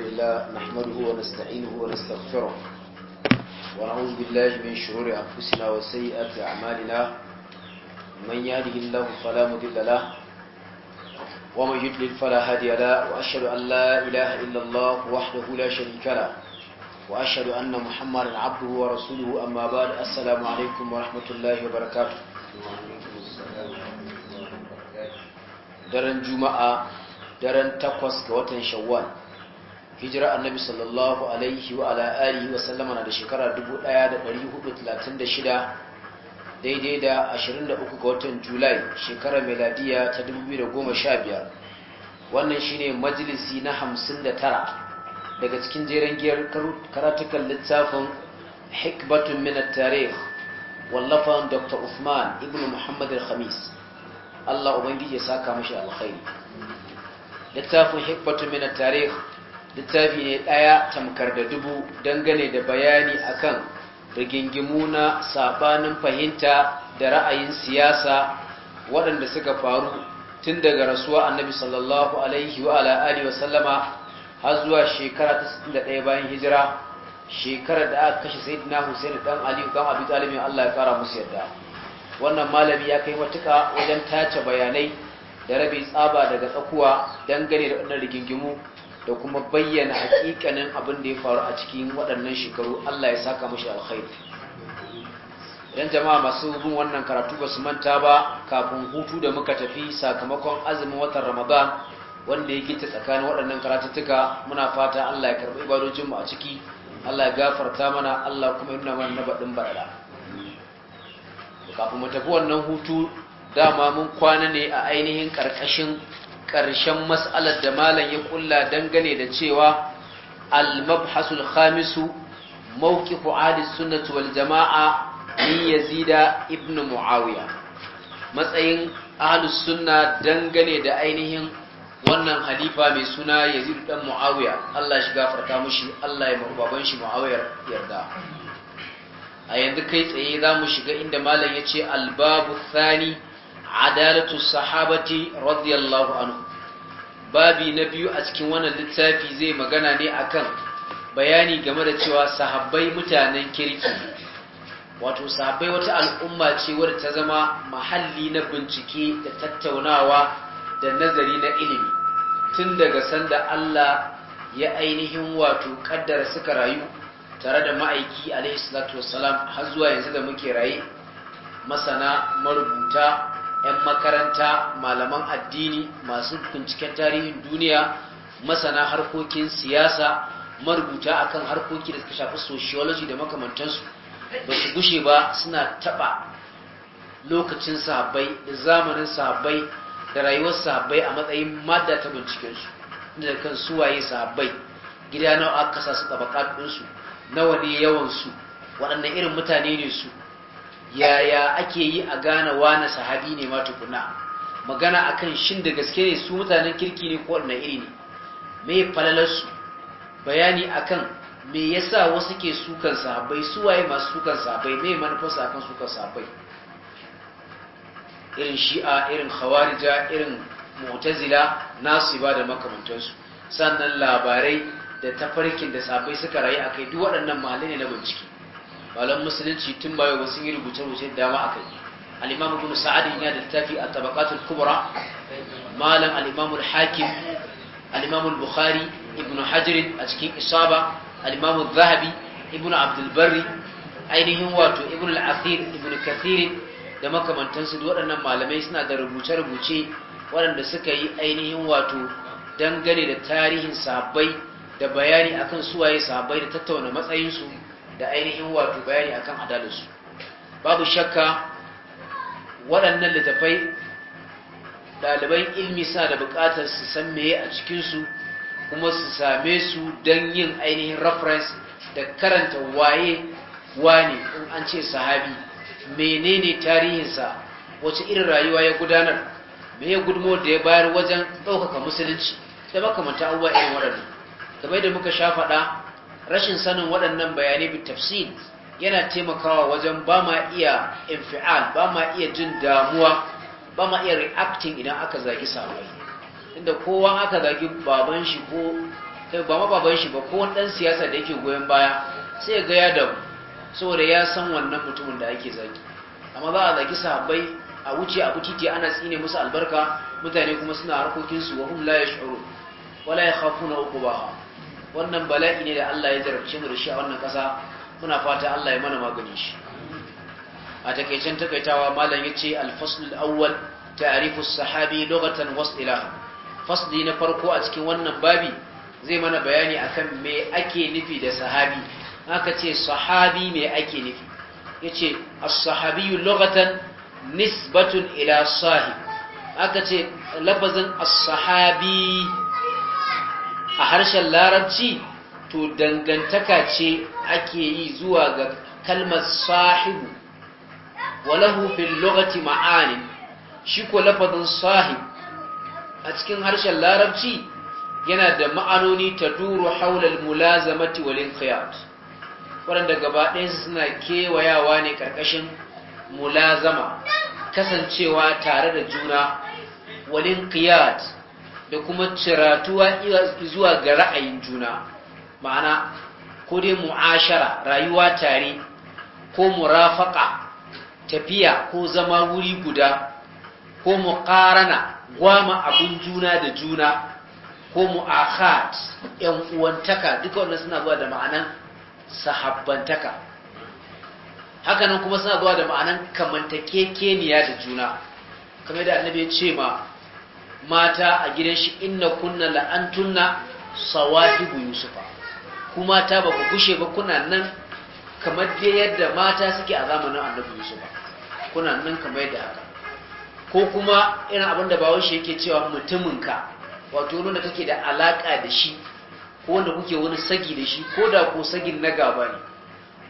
لله نحمده ونستعينه ونستغفره ونعوذ بالله من شرور أنفسنا وسيئات أعمالنا من يهده الله فلا مضل له ومن يضلل فلا هادي له وأشهد أن لا إله إلا الله وحده لا شريك له وأشهد أن محمدا عبده ورسوله أما بعد السلام عليكم ورحمة الله وبركاته daren juma'a daren takwas ga watan shawwal hijira annabi sallallahu alaihi wa ala alihi wa sallama na da shekara 1436 daidai da 23 ga watan julai shekarar meladiya ta 2015 wannan shine majalisi na 59 daga cikin jeren giyar karatukan littafin hikbatun minar tarih wallafan dr usman ibn muhammad al-khamis allah ubangiji ya saka mashi alkhairi littafin hikbatun minar tarih littafi ne ɗaya tamkar da dubu dangane da bayani akan rigingimu na sabanin fahimta da ra'ayin siyasa waɗanda suka faru tun daga rasuwa annabi sallallahu alaihi wa wasallama har zuwa shekara ta 61 bayan hijira shekarar da aka kashe sayyidina Hussein ɗan aliyu dan Abi talibin Allah ya kara musu yadda wannan malami ya kai matuka wajen tace bayanai da rabi tsaba daga tsakuwa dangane da wannan rigingimu da kuma bayyana hakikanin abin da ya faru a cikin waɗannan shekaru Allah ya saka mashi alkhairi idan jama'a masu bin wannan karatu ba su manta ba kafin hutu da muka tafi sakamakon azumin watan ramadan wanda ya gita tsakanin waɗannan karatuttuka muna fata Allah ya karɓi mu a ciki Allah ya gafarta mana Allah kuma yana mana na baɗin baɗaɗa kafin mu tafi wannan hutu dama mun kwana ne a ainihin ƙarƙashin ƙarshen matsalar da malam ya kulla dangane da cewa al-mabhasul khamisu mawqifu ahli sunnati wal jama'a min yazida ibn muawiya matsayin ahli sunna dangane da ainihin wannan halifa mai suna yazid dan muawiya Allah shi gafarta mushi Allah ya baban shi muawiyar yarda a yanzu kai tsaye za mu shiga inda malam ya ce albabu thani adalatu sahabati radiyallahu anhu babi na biyu a cikin wannan littafi zai magana ne akan bayani game da cewa sahabbai mutanen kirki wato sahabbai wata al'umma ce wadda ta zama mahalli na bincike da tattaunawa da nazari na ilimi tun daga sanda Allah ya ainihin wato kaddara suka rayu tare da ma'aiki alaihi salatu wassalam har zuwa yanzu da muke raye masana marubuta 'yan makaranta malaman addini masu binciken tarihin duniya masana harkokin siyasa marubuta a kan harkoki da suka shafi sociology da makamantansu ba su gushe ba suna taɓa lokacin sahabbai da zamanin sahabbai da rayuwar sahabbai a matsayin mada ta bincikensu da kan suwaye sahabbai gida nawa aka kasa su tabaka nawa ne yawansu waɗannan irin mutane ne su yaya ake yi a gane wane sahabi ne ma tukuna magana akan shin da gaske ne su mutanen kirki ne ko na iri ne me falalarsu bayani akan me yasa wasu ke sukan sahabbai su waye masu sukan sahabbai me manufarsa akan sukan sahabbai irin shi'a irin khawarija irin mu'tazila nasiba da makamantansu sannan labarai da tafarkin da sahabbai suka rayu akai duk waɗannan mahallai ne na bincike malam musulunci tun bayo ba sun yi rubuce-rubuce dama a al al'imamu bin sa'adin ya da littafi a tabakatul kubra malam al'imamu hakim al'imamu bukhari ibn hajirin a cikin isaba al'imamu zahabi ibn abdulbari ainihin wato ibn al'asir ibn kathirin da makamantansu da waɗannan malamai suna da rubuce-rubuce waɗanda suka yi ainihin wato dangane da tarihin sahabbai da bayani akan suwaye sahabbai da tattauna matsayinsu da ainihin wato bayani akan adalinsu. babu shakka waɗannan littafai ɗaliban ilmi sa da buƙatar su san meye a cikinsu kuma su same su don yin ainihin reference da karanta waye wane in an ce sahabi menene tarihinsa wace irin rayuwa ya gudanar me ya gudmo da ya bayar wajen ɗaukaka musulunci da makamanta abubuwa irin waɗannan kamar da muka sha faɗa rashin sanin waɗannan bayanai bi tafsir yana taimakawa wajen ba ma iya infial ba ma iya jin damuwa ba ma iya reacting idan aka zagi sabai inda kowa aka zagi baban shi ko kai eh, ba ma baban shi ba ko wani dan siyasa da yake goyon baya sai ga ya da saboda ya san wannan mutumin da ake zagi amma za a zagi sabai a wuce a titi ana tsine musu albarka mutane kuma suna harkokinsu wa hum la yash'urun wala yakhafuna uqubaha wannan bala'i ne da Allah ya jarabce mu da shi a wannan ƙasa muna fata Allah ya mana magani shi a takeicen takaitawa malam yace al-fasl al-awwal ta'rifu as-sahabi lughatan was ilaha fasli na farko a cikin wannan babi zai mana bayani akan me ake nufi da sahabi Haka ce sahabi me ake nufi yace as-sahabiyyu lughatan nisbatun ila sahib Haka ce lafazin as-sahabi a harshen larabci to dangantaka ce ake yi zuwa ga kalmar sahibu walahu fil lughati ma'ani shi ko lafazin sahib a cikin harshen larabci yana da ma'anoni ta duru haulal mulazamati wal inqiyad waɗanda gaba suna kewayawa ne karkashin mulazama kasancewa tare da juna wal inqiyad da kuma ciratuwa zuwa ga ra'ayin juna ma'ana ko dai mu'ashara rayuwa tare ko murafaka tafiya ko zama wuri guda ko muƙarana gwama abun juna da juna ko mu'akhat yan uwantaka duka wannan suna zuwa da ma'anan sahabbantaka hakanan kuma suna zuwa da ma'anan kamantakekeniya da juna kamar da annabi ya ce ma mata a gidan shi inna kunna la'antunna sawahibu yusufa kuma ta ba ku gushe ba kuna nan kamar da yadda mata suke a zamanin annabi yusufa kuna nan kamar yadda haka ko kuma irin abin da bawon shi yake cewa mutuminka wato wanda kake da alaka da shi ko wanda kuke wani sagi da shi ko da ko sagin na gaba ne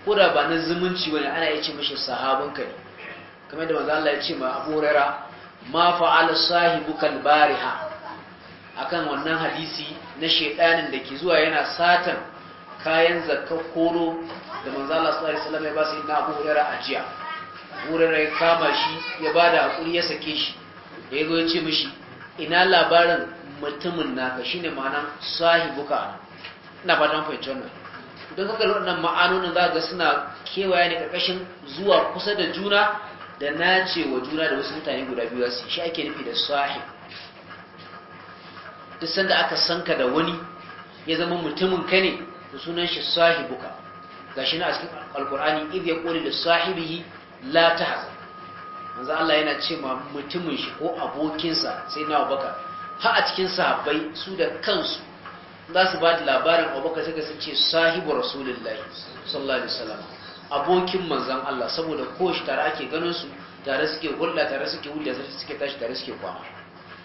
ko da ba na zumunci bane ana yace ce mishi ka ne kamar da manzo Allah ya ce ma Abu Hurairah ma fa'ala sahibukal bariha akan wannan hadisi na shedanin da ke zuwa yana satan kayan zakka koro da manzo Allah sallallahu alaihi wasallam ya ba su na Abu Hurairah ajiya Hurairah ya kama shi ya ba da hakuri ya sake shi da yazo ya ce mishi ina labarin mutumin naka shine ma'ana sahibuka ina fatan fahimtar nan don kaga wannan ma'anonin za ga suna kewaye ne karkashin zuwa kusa da juna da nace wa juna da wasu mutane guda biyu su shi ake nufi da sahib duk sanda aka sanka da wani ya zama mutumin ka ne da sunan shi sahibuka gashi na a cikin alkur'ani idh yaqulu li sahibihi la tahzan manzo Allah yana ce ma mutumin shi ko abokinsa sai na Abubakar ha a cikin sahabbai su da kansu za su ba da labarin Abubakar suka ce sahibu rasulullahi sallallahu alaihi wasallam abokin manzan Allah saboda shi tare ake ganin su tare suke hulɗa tare suke hulɗa sai suke tashi tare suke kwana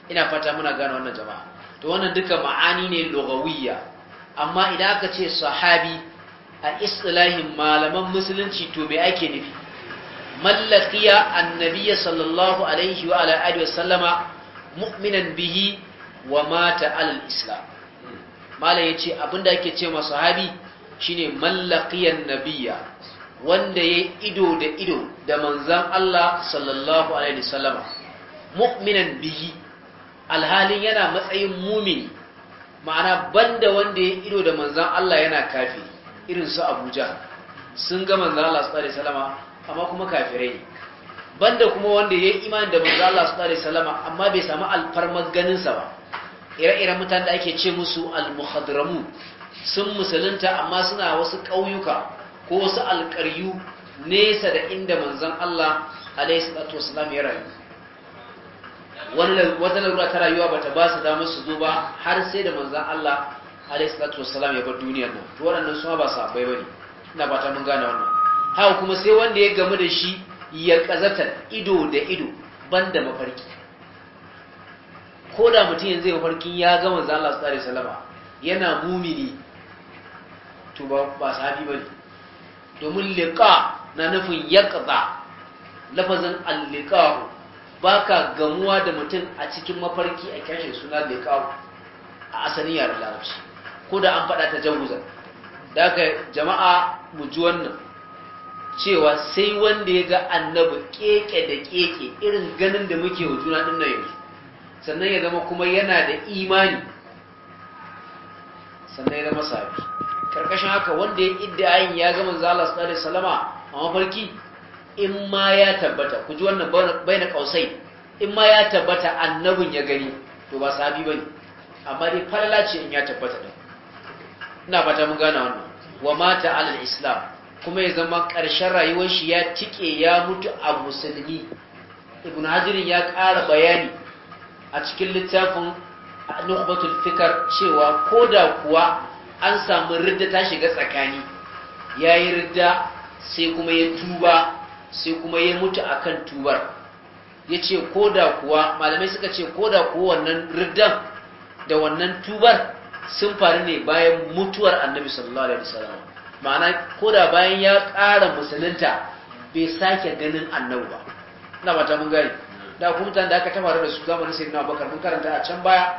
ina fata muna gane wannan jama'a to wannan duka ma'ani ne lugawiyya amma idan aka ce sahabi a islahin malaman musulunci to me ake nufi mallaqiya annabiyya sallallahu alaihi wa ala alihi wasallama mu'minan bihi wa mata alal islam malam yace abinda ake ce ma sahabi shine mallaqiyan nabiyya wanda ya ido da ido da manzan Allah sallallahu alaihi wasallama mu'minan bihi alhalin yana matsayin mumini ma'ana banda wanda ya ido da manzan Allah yana kafi irin su Abuja sun ga manzan Allah sallallahu alaihi wasallama amma kuma kafirai ne banda kuma wanda ya imani da manzan Allah sallallahu alaihi wasallama amma bai samu alfarmar ganinsa ba ire-iren mutanen da ake ce musu al sun musulunta amma suna wasu ƙauyuka ko wasu alƙaryu nesa da inda manzan Allah alaihi salatu wasallam ya rayu wata lura ta rayuwa ba ta ba su damar su zo ba har sai da manzan Allah alaihi salatu wasallam ya bar duniyar nan to waɗannan su ba wani na ba ta mun gane wannan haka kuma sai wanda ya gamu da shi ya kazata ido da ido ban da mafarki ko da mutum yanzu mafarkin ya ga manzon Allah sallallahu alaihi wasallama yana mumini to ba ba ne. domin liƙa na nufin yaqza lafazin al Ba baka gamuwa da mutum a cikin mafarki a kyashin suna liqa'u a asalin yaren larabci ko da an faɗa ta jawuzan da aka jama'a mu ji wannan cewa sai wanda ya ga annabi keke da keke irin ganin da muke wa juna din nan yanzu sannan ya zama kuma yana da imani sannan ya zama sabi karkashin haka wanda ya ayin ya ga manzo Allah sallallahu alaihi wasallama a mafarki in ma ya tabbata ku ji wannan baina kausai in ma ya tabbata annabin ya gani to ba sahabi bane amma dai falala ce in ya tabbata din ina fata mun gane wannan wa mata ala islam kuma ya zama ƙarshen rayuwar shi ya tike ya mutu a musulmi ibn hajirin ya ƙara bayani a cikin littafin nukhbatul fikar cewa koda kuwa an samu ridda ta shiga tsakani ya yi ridda sai kuma ya tuba sai kuma ya mutu akan tubar ya ce ko da kuwa malamai suka ce ko da kuwa wannan riddan da wannan tubar sun faru ne bayan mutuwar annabi sallallahu alaihi wasallam ma'ana ko da bayan ya ƙara musulunta bai sake ganin annabi ba ina mata mun gari da kuma mutane da aka tafaru da su zamanin sayyidina abubakar mun karanta a can baya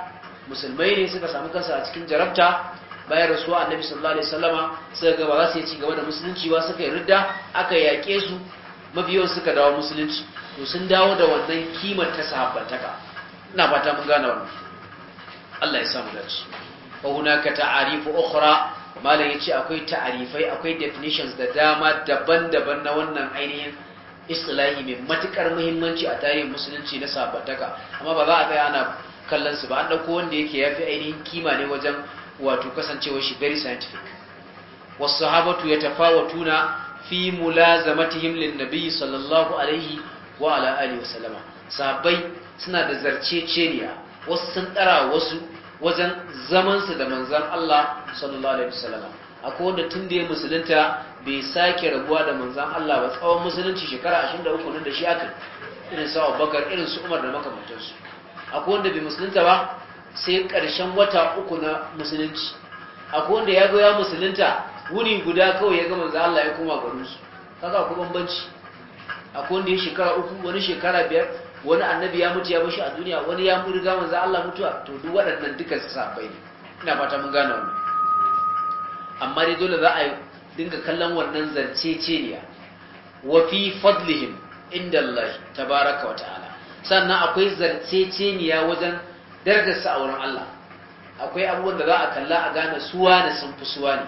musulmai ne suka samu kansa a cikin jarabta bayan rasuwa annabi sallallahu alaihi wasallama suka ga ba za su yi cigaba da musulunci ba suka yi ridda aka yaƙe su mabiyo suka dawo musulunci to sun dawo da wannan kimar ta sahabbantaka ina fata mun gane wannan Allah ya samu dace wa hunaka ta'arifu ukhra malam yace akwai ta'arifai akwai definitions da dama daban-daban na wannan ainihin istilahi mai matukar muhimmanci a tarihin musulunci na sahabbantaka amma ba za a tsaya ana kallon su ba an dauko wanda yake yafi ainihin kima ne wajen wato kasancewar shi very scientific wasu sahabatu ya tuna, fi mulazamatihim biyu, sallallahu alaihi wa ala alihi wasallama sahabbai suna da zarceceniya wasu sun tsara wasu wajen zamansu da manzan Allah sallallahu alaihi wasallama akwai wanda tun da ya musulunta bai sake rabuwa da manzan Allah ba tsawon musulunci shekara 23 nan da shi aka irin su Abubakar irin su Umar da makamantansu akwai wanda bai musulunta ba sai ƙarshen wata uku na musulunci a wanda ya zo ya musulunta wuni guda kawai ya gama za Allah ya koma garinsu kaga akwai bambanci A wanda ya shekara uku wani shekara biyar wani annabi ya mutu ya bashi a duniya wani ya mutu ga manzo Allah mutuwa to duk waɗannan duka su sabai ne ina fata mun gane wannan amma dai dole za a dinga kallon wannan zanceceniya wa fi fadlihim inda Allah tabaraka wa ta'ala sannan akwai zanceceniya wajen darajarsa a wurin Allah akwai abubuwan da za a kalla a gane suwa da sun fi suwa ne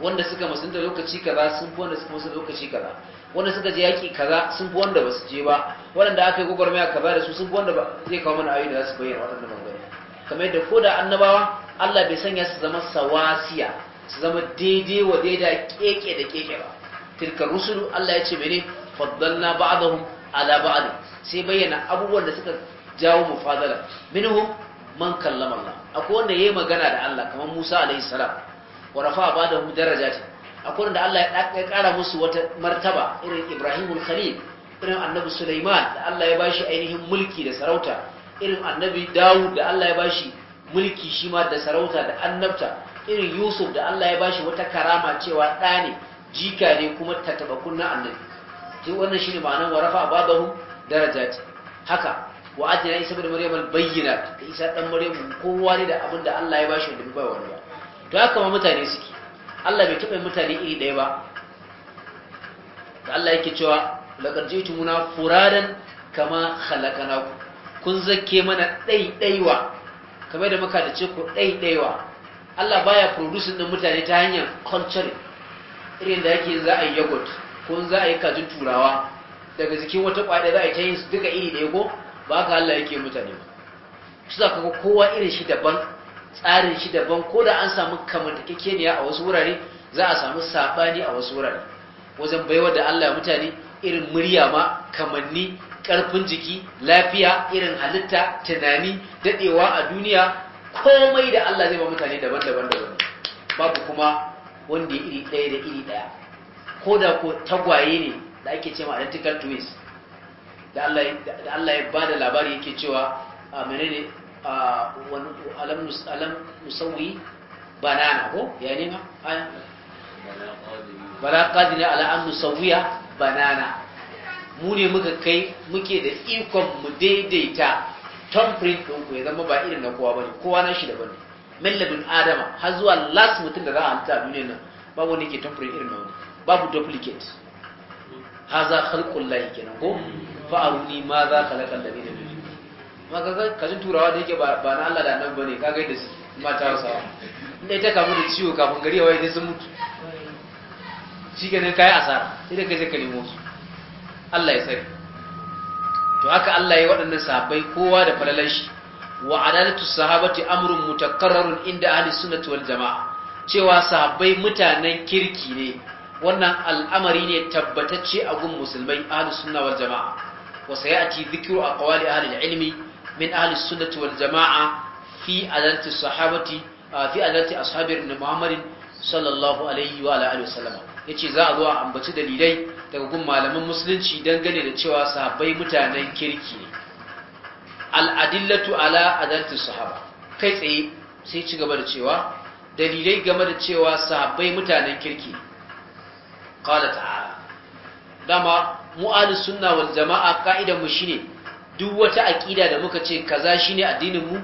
wanda suka musulunta lokaci kaza sun fi wanda suka musulunta lokaci kaza wanda suka je yaƙi kaza sun fi wanda ba su je ba waɗanda aka yi gwagwarmaya kaza da su sun fi wanda ba zai kawo mana ayoyi da za su bayyana waɗanda gani. kamar yadda ko da annabawa Allah bai sanya su zama sawasiya su zama daidai wa daida keke da keke ba tilka rusulu Allah ya ce mene faddalna ba'dahum ala ba'd sai bayyana abubuwan da suka jawo mufadala minhum man kallama Allah akwai wanda yayi magana da Allah kamar Musa alaihi salam wa rafa ba da mu darajatin akwai wanda Allah ya kara musu wata martaba irin Ibrahimul Khalil irin Annabi Sulaiman da Allah ya bashi ainihin mulki da sarauta irin Annabi Dawud da Allah ya bashi mulki shi ma da sarauta da annabta irin Yusuf da Allah ya bashi wata karama cewa ɗa ne jika ne kuma tatabakun na annabi duk wannan shine ma'anar warafa abadahu darajati haka wa atina isa da maryam al bayyina ka isa dan maryam kowa ne da abin da Allah ya bashi da bai wani ba to haka ma mutane suke Allah bai taɓa mutane iri ɗaya ba da Allah yake cewa laqad jitumuna furadan kama khalaqnakum kun zakke mana ɗaiɗaiwa kamar da muka da ce dai ɗaiɗaiwa Allah baya producing din mutane ta hanyar culture irin da yake za a yi yogurt ko za a yi kajin turawa daga jikin wata kwaɗe za a yi ta yin duka iri ɗaya ko ba ka Allah yake mutane ba su za ka kowa irin shi daban tsarin shi daban ko da an samu ne a wasu wurare za a samu saɓani a wasu wurare wajen baiwa da Allah ya mutane irin murya ma kamanni karfin jiki lafiya irin halitta tunani dadewa a duniya komai da Allah zai ba mutane daban-daban daban babu kuma wanda ya iri ɗaya da iri ɗaya ko da ko tagwaye ne da ake ce ma identical twins da Allah da Allah ya bada labari yake cewa menene alam alam musawi banana ko ya ne ma aya bala qadina ala an nusawiya banana mu ne muka kai muke da ikon mu daidaita thumbprint ɗin ku ya zama ba irin na kowa bane kowa na shi daban ne millabin adama har zuwa last mutum da za a hanta a duniya nan babu wani ke thumbprint irin na wani babu duplicate haza khalqul kenan ko fa'aruni ma za ka lakar da ni da biyu ma kaga kajin turawa da yake ba na Allah da ne, ka gai da su mata hausawa inda ita kamu da ciwo kafin gari yawai idan sun mutu shi ganin yi asara sai da kai ka nemo su Allah ya sani to haka Allah ya waɗannan sahabbai kowa da falalan shi wa adalatu sahabati amrun mutakarrarun inda ahli sunnati wal jama'a cewa sahabbai mutanen kirki ne wannan al'amari ne tabbatacce a gun musulmai ahli sunna wal jama'a wa sayati dhikru aqwali ahli al-ilmi min ahli sunnati wal jama'a fi adalati sahabati fi adalati ashabi ibn muhammad sallallahu alaihi wa alihi wasallam yace za a zo a ambaci dalilai daga gun malaman musulunci dangane da cewa sahabbai mutanen kirki ne Al'adillatu ala adalati sahaba kai tsaye sai ci gaba da cewa dalilai game da cewa sahabbai mutanen kirki ne. qala ta'ala dama mu suna sunna wal jama'a ka'idan mu shine duk wata aqida da muka ce kaza shine addinin mu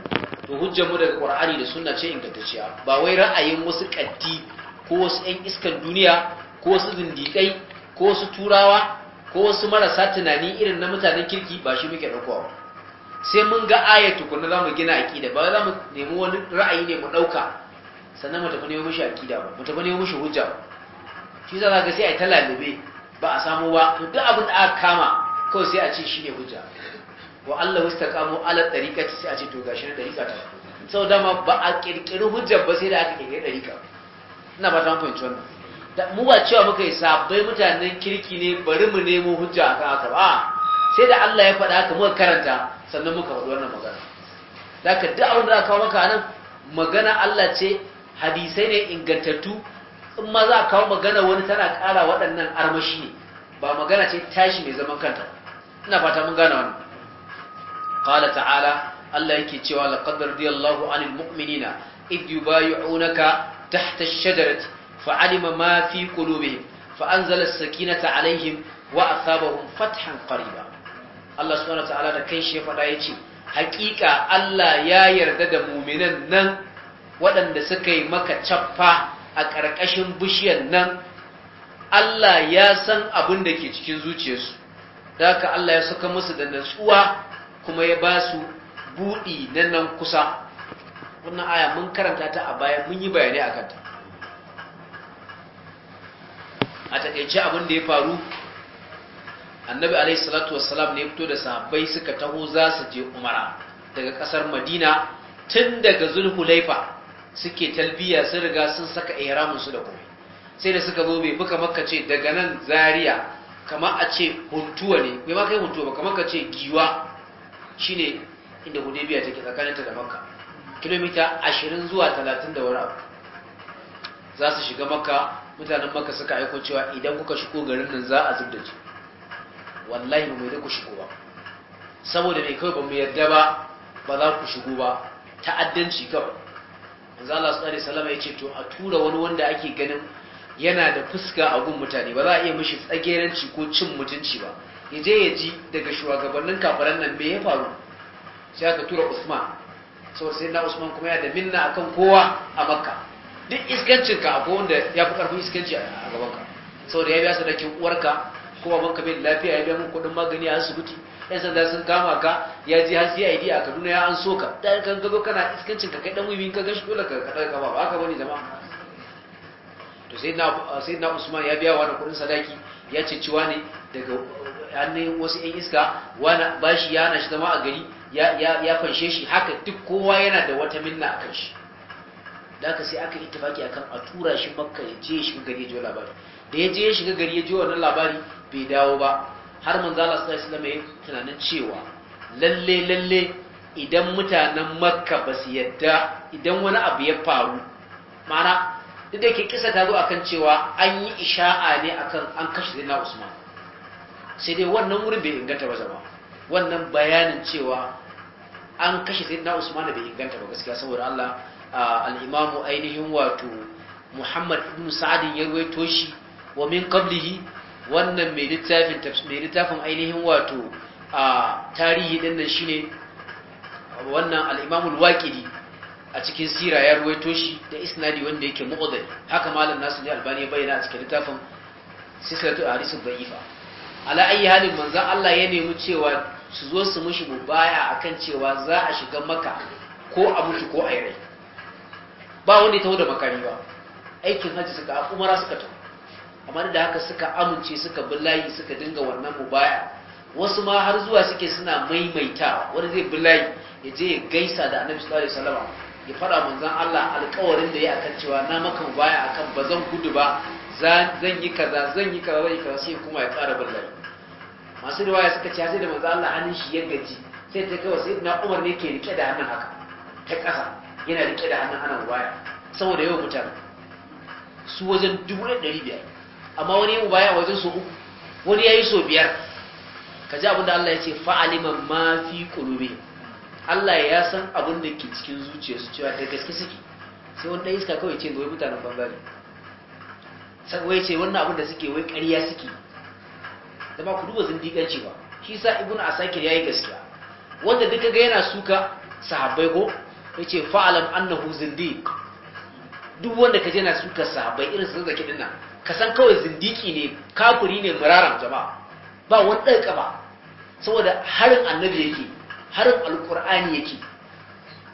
to hujjar mu daga qur'ani da sunna ce ingantacciya ba wai ra'ayin wasu kaddi ko wasu 'yan iskan duniya ko wasu zindikai ko wasu turawa ko wasu marasa tunani irin na mutanen kirki ba shi muke daukawa. sai mun ga aya za zamu gina aqida ba za mu nemi wani ra'ayi ne mu dauka sannan mu tafi nemo mishi aqida ba mu tafi nemo mishi hujja ba shi za ka sai ai talalube ba a samu ba to duk abin da aka kama kawai sai a ce ne hujja wa Allah mustaqamu ala tariqati sai a ce to gashi na tariqa ta sau dama ba a kirkiri hujja ba sai da aka kirkiri tariqa ina ba ta mun fahimci wannan da mu ba cewa muka yi sabbai mutanen kirki ne bari mu nemo hujja akan haka ba sai da Allah ya faɗa haka muka karanta sannan muka faɗi wannan magana da ka duk abin da aka kawo maka nan magana Allah ce hadisai ne ingantattu in ma za a kawo magana wani tana ƙara waɗannan armashi ne ba magana ce tashi mai zaman kanta ina fata mun gane wani. qala ta'ala Allah yake cewa laqad radiyallahu 'anil mu'minina id yubayyi'unaka tahta ash-shajarati fa'alima ma fi qulubihim fa'anzala as-sakinata 'alayhim wa asabahum fathan qariba Allah subhanahu wa ta'ala da kai shi faɗa yace haƙiƙa Allah ya yarda da mu'minan nan waɗanda suka yi maka cappa a ƙarƙashin bishiyar nan Allah ya san abin da ke cikin zuciyarsu da haka Allah ya suka musu da natsuwa kuma ya ba su buɗi na nan kusa wannan aya mun karanta ta a baya mun yi bayanai a kanta a taƙaice abin da ya faru annabi alaihi salatu wassalam ne fito da sahabbai suka taho za su je umara daga ƙasar madina tun daga Zulhu Laifa. suke talbiya sun riga sun saka ihramin su da komai sai da suka zo bai muka makka ce daga nan Zariya, kamar a ce huntuwa ne bai ma kai huntuwa ba kamar ka ce giwa shine inda hudaybiya take tsakaninta da makka kilomita 20 zuwa 30 da wani abu za su shiga makka mutanen makka suka aiko cewa idan kuka shigo garin nan za a zubda ji wallahi ba mai da ku shigo ba saboda mai kawai ba mu yarda ba ba za ku shigo ba ta'addanci kawai manzo Allah ɗari Salama ya ce to a tura wani wanda ake ganin yana da fuska a gun mutane ba za a iya mashi tsageranci ko cin mutunci ba ya je ya ji daga shugabannin kafaran nan me ya faru sai aka tura Usman sau sai na Usman kuma ya da minna akan kowa a Makka duk iskancin ka akwai wanda ya fi karfin iskanci a gaban ka da ya biya sadakin uwarka ko baban ka bai lafiya ya biya mun kudin magani a asibiti yan sanda sun kama ka ya ji har CID a Kaduna ya an so ka dan kan gazo kana iskancin ka kai dan wiwin ka gashi dole ka kada ka ba haka bane jama'a to sai na ah, sai na Usman ya biya wani kudin sadaki ya ce ciwa ne daga eh, hannun wasu yan iska wani bashi ya hana shi zama a gari ya ya ya fanshe shi haka duk kowa yana da wata minna a shi da ka sai aka ittifaki akan a tura shi makka ya je shi gari ya ji labari da ya je ya shiga gari ya ji wannan labari bai dawo ba har manzo Allah sallallahu alaihi tunanin cewa lalle lalle idan mutanen makka ba su yadda idan wani abu ya faru mana duk da ke kisa ta zo akan cewa an yi isha'a ne akan an kashe na usman sai dai wannan wurin bai inganta ba zama wannan bayanin cewa an kashe sayyidina usman bai inganta ba gaskiya saboda Allah al ainihin wato Muhammad ibn Sa'adin ya ruwaito shi wa min qablihi wannan mai littafin littafin ainihin wato a tarihi din nan shine wannan al-Imam al-Waqidi a cikin sira ya ruwaito shi da isnadi wanda yake mu'adhal haka malam ne Albani ya bayyana a cikin littafin Silsilatu Ahadith Da'ifa ala ayi halin manzan Allah ya nemi cewa su zo su mushi mubaya akan cewa za a shiga maka ko a mutu ko a yi rai ba wanda ya taho da makami ba aikin hajji suka umara suka tafi. kamar da haka suka amince suka bi layi suka dinga wannan mubaya wasu ma har zuwa suke suna maimaita wani zai bi layi ya je ya gaisa da annabi sallallahu alaihi wasallam ya fara manzon Allah alƙawarin da ya akan cewa na maka mubaya akan ba gudu ba zan yi kaza zan yi kaza zan kaza sai kuma ya ƙara bin masu riwaya suka ce sai da manzon Allah hannun shi ya gaji sai ta kawai sai na Umar ne ke rike da hannun haka ta ƙasa yana rike da hannun ana mubaya saboda yau mutane su wajen dubu ɗari biyar amma wani yin baya wajen su uku wani ya yi so biyar ka ji abinda Allah ya ce fa'aliman ma fi ƙulube Allah ya san abin da ke cikin zuciyarsu cewa da gaske suke sai wani ɗan iska kawai ce wai mutanen bangare wai ce wannan abin da suke wai ƙarya suke da ba ku duba zindigarci ba shi sa ibnu asakir yi gaskiya wanda duka ga yana suka sahabbai ko ya ce fa'alam annahu zindiq duk wanda ka je yana suka sahabbai irin su zaki dinnan ka san kawai zindiki ne kafuri ne muraran jama'a ba wani ɗarka ba saboda harin annabi yake harin Alƙur'ani yake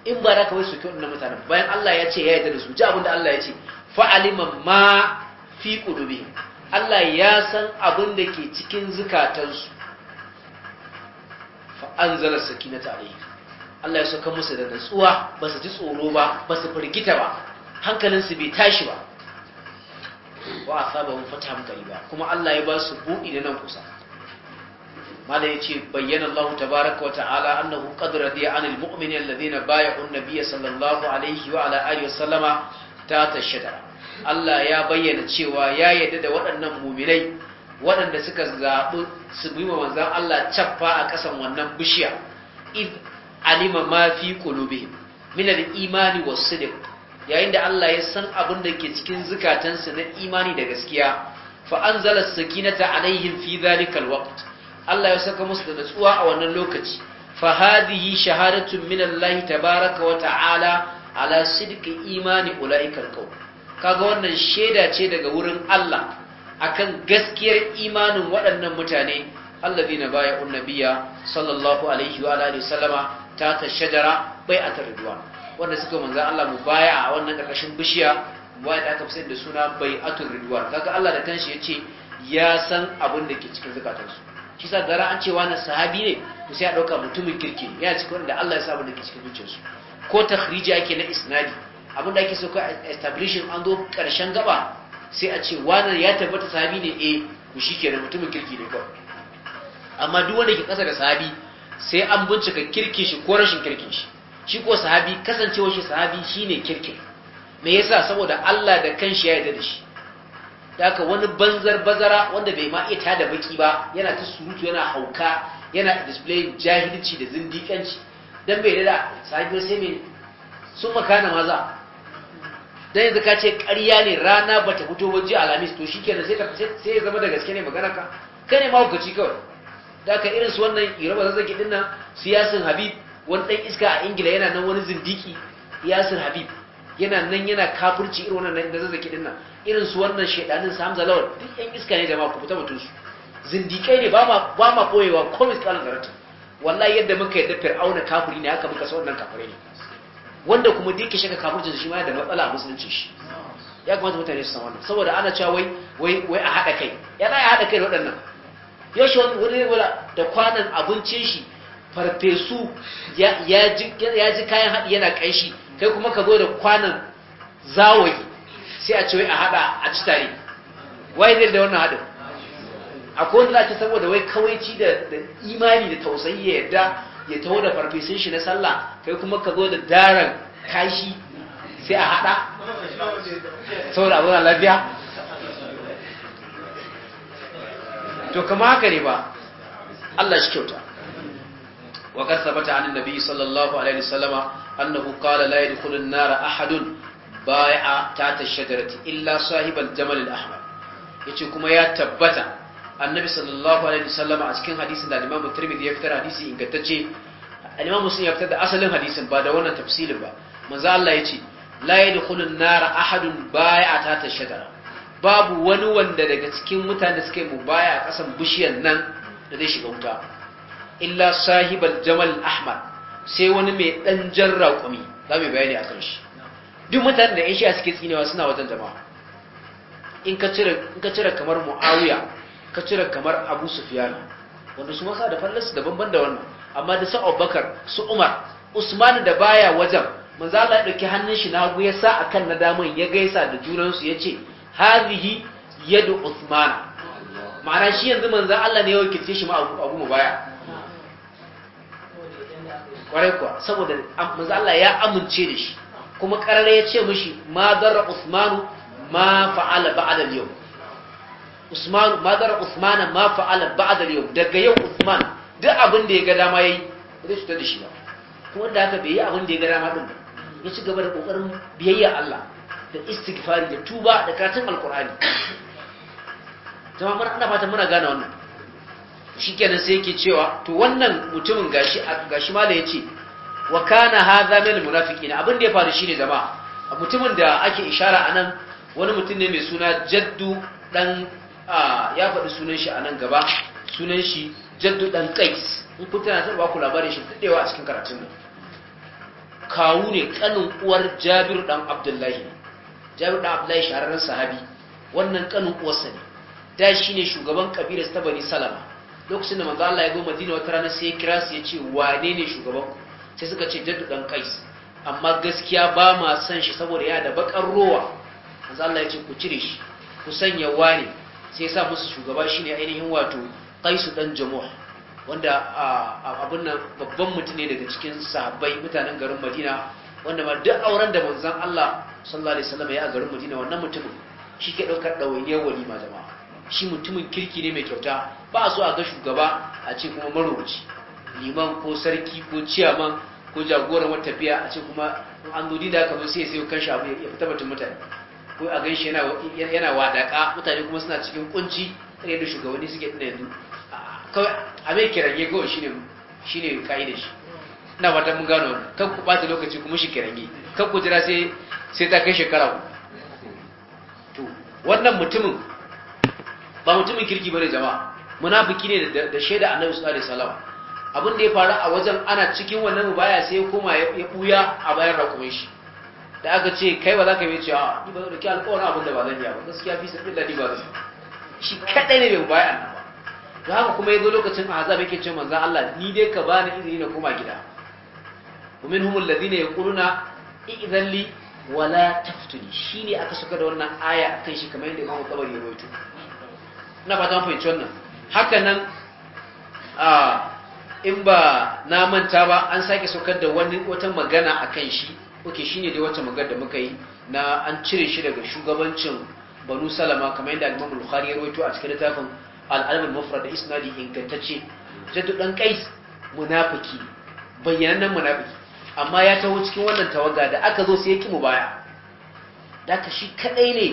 in ba za ka wai soke wannan bayan Allah ya ce ya yi da su ji abin Allah ya ce fa'alima ma fi ƙudube, Allah ya san abin da ke cikin zukatansu fa saki na tare Allah ya sauka musu da natsuwa ba su ji tsoro ba ba su firgita ba hankalinsu bai tashi ba wa asabahum fatahan qariba kuma Allah ya ba su buɗi da nan kusa mala yace bayyana Allah tabaaraka ta'ala annahu qad radiya 'anil mu'minina alladhina bay'u an-nabiy sallallahu alaihi wa ala alihi wasallama ta tashada Allah ya bayyana cewa ya yarda da waɗannan mu'minai waɗanda suka zaɓi su bi wa manzon Allah caffa a ƙasan wannan bishiya id alima ma fi qulubihim min al-imani was-sidq yayin da Allah ya san abin da ke cikin zukatansu na imani da gaskiya fa anzala sakinata alaihim fi dhalikal waqt Allah ya saka musu da natsuwa a wannan lokaci fa hadhihi shahadatun minallahi ta tabaaraka wa ta'ala ala sidqi imani ulaikal qaw kaga wannan sheda ce daga wurin Allah akan gaskiyar imanin waɗannan mutane allazina bay'un annabiyya sallallahu alaihi wa alihi sallama ta ta shajara ridwan wanda suka manzan Allah mu baya a wannan karkashin bishiya da aka fi da suna bai atun ridwan kaga Allah da kanshi yace ya san abin da ke cikin zakatansu shi sa gara an ce wani sahabi ne to sai a dauka mutumin kirki yana cikin da Allah ya sa abin da ke cikin zuciyarsu ko takhrija ake na isnadi abin da ake so kai establishing an zo karshen gaba sai a ce wani ya tabbata sahabi ne eh ku shi shikenan mutumin kirki ne kawai amma duk wanda ke kasa da sahabi sai an bincika kirkin shi ko rashin kirkin shi shi ko sahabi kasancewa shi sahabi shine kirkir me yasa saboda Allah da kanshi ya yadda da shi da haka wani banzar bazara wanda bai ma iya tada baki ba yana ta surutu yana hauka yana display jahilci da zindikanci dan bai da sahabi sai me sun makana maza dan yanzu ka ce karya ne rana bata fito ba ji alamis to shikenan sai sai ya zama da gaske ne magana ka kane ma hukaci kawai da irin su wannan iraba zazzaki dinnan siyasin habib wani ɗan iska a ingila yana nan wani zindiki yasir habib yana nan yana kafirci irin wannan da zazzaki ɗin nan irin su wannan shaidanin sam hamza lawal duk yan iska ne jama'a ku fita mutun su zindikai ne ba ma koyewa komis kalan zarata wallahi yadda muka yadda fir'auna kafiri ne haka muka sa wannan kafirai ne wanda kuma duk shaka kafircin shi ma yana da matsala a musulunci shi ya kamata mutane su san wannan saboda ana cewa wai wai wai a haɗa kai yana ya haɗa kai da waɗannan yau shi wani wani da kwanan abincin shi farfesu ya ji kayan haɗi yana ƙanshi kai kuma ka zo da kwanan zawayi sai a cewa a haɗa a ci tare wai zai da wannan haɗin A wanda za ta saboda wai kawaici da imani da tausayi ya yarda ya taho da farfesun shi na sallah kai kuma ka zo da daren kashi sai a haɗa saboda abu na lafiya to kama haka ne ba Allah shi kyauta wa qad thabata annabi sallallahu alaihi wasallama annahu qala la yadkhulu an-nara ahadun bai'a ta shajarati illa sahibal jamal al-ahmar yace kuma ya tabbata annabi sallallahu alaihi wasallama a cikin hadisin da Imam Tirmidhi ya fitar hadisi ingantacce Imam Muslim ya fitar da asalin hadisin ba da wannan tafsilin ba manzo Allah yace la yadkhulun nar ahadun bai'a ta shajara babu wani wanda daga cikin mutane da suka yi mubaya a kasan bishiyar nan da zai shiga wuta illa sahibal jamal ahmad sai wani mai dan jan raƙumi za mu bayani kan shi duk mutanen da ishiya suke tsinewa suna wajen jama'a in ka cire in ka cire kamar muawiya ka cire kamar abu sufyan wanda su masa da fallas da banban da wannan amma da sa'ab bakar su umar usman da baya wajen manzo Allah ya dauki hannun shi na ya sa akan na daman ya gaisa da junan su yace hazihi yadu usman ma'ana shi yanzu manzo Allah ne ya wakilce shi ma abu mu baya kwarai kuwa saboda maza Allah ya amince da shi kuma karare ya ce mishi ma darra usmanu ma fa'ala ba’adar yau usmanu ma darra usmanu ma fa'ala ba’adar yau daga yau usman duk abin da ya ga dama yayi zai ta da shi ba kuma da haka bai yi abin da ya ga dama ɗin ba ya ci gaba da ƙoƙarin biyayya Allah da istighfari da tuba da karatun Alƙur'ani jama'a muna ana fata muna gane wannan shi kenan sai yake cewa to wannan mutumin gashi gashi mala yace wa kana hadha min munafiqina abin da ya faru shine jama'a mutumin da ake ishara anan wani mutum ne mai suna jaddu dan ya faɗi sunan shi anan gaba sunan shi jaddu dan qais in kun tana zan ku labarin shi dadewa a cikin karatun nan kawu ne kanin uwar Jabir dan Abdullahi Jabir dan Abdullahi shahararren sahabi wannan kanin uwarsa ne da shine shugaban kabilar ta Bani Salama lokacin da manzo Allah ya zo Madina wata rana sai ya kira su ya ce wane ne shugaban ku sai suka ce jaddu dan kais amma gaskiya ba ma san shi saboda ya da bakar rowa manzo Allah ya ce ku cire shi ku sanya wane sai ya sa musu shugaba shine ainihin wato kaisu dan jamuh wanda abun nan babban mutum ne daga cikin sahabbai mutanen garin Madina wanda ma duk auren da manzon Allah sallallahu alaihi wasallam ya a garin Madina wannan mutumin shi ke daukar dawainiyar walima jama'a shi mutumin kirki ne mai kyauta ba a so a ga shugaba a ce kuma marowaci liman ko sarki ko ciyaman ko jagoran wata tafiya a ce kuma an zo da aka sai sai kan shabu ya fita batun mutane ko a gan yana yana wadaka mutane kuma suna cikin kunci tare da shugabanni suke tuna yanzu kawai a mai kirange kawai shine shine kaidar shi ina fatan mun gano kan ku ɓata lokaci kuma shi kirange kan ku jira sai sai ta kai shekara to wannan mutumin ba mutumin kirki bane jama'a munafiki ne da shaida annabi sallallahu alaihi wasallam abin da ya faru a wajen ana cikin wannan mubaya sai ya koma ya buya a bayan rakumin shi da aka ce kai ba za ka yi cewa ah, ni ba zan ki alƙawarin abin da ba zan yi ba gaskiya fi sabbin da ba zan shi kadai ne mai bayan ba da haka kuma ya zo lokacin azab yake cewa manzo Allah ni dai ka bani izini na koma gida ومنهم الذين يقولون إئذن لي ولا تفتني شيني أكسك دورنا آية أكيشي كما يندي إمام الطبري يرويتو na fatan fahimci wannan haka nan a in ba na manta ba an sake saukar da wani wata magana a kan shi oke ne dai wata magana da muka yi na an cire shi daga shugabancin banu salama kamar yadda al-imam ya rawaito a cikin littafin al'adar mafura al da isnadi ingantacce jaddu dan kai munafiki bayanan munafiki amma ya taho cikin wannan tawaga da aka zo sai ya ki mu baya da ka shi kadai ne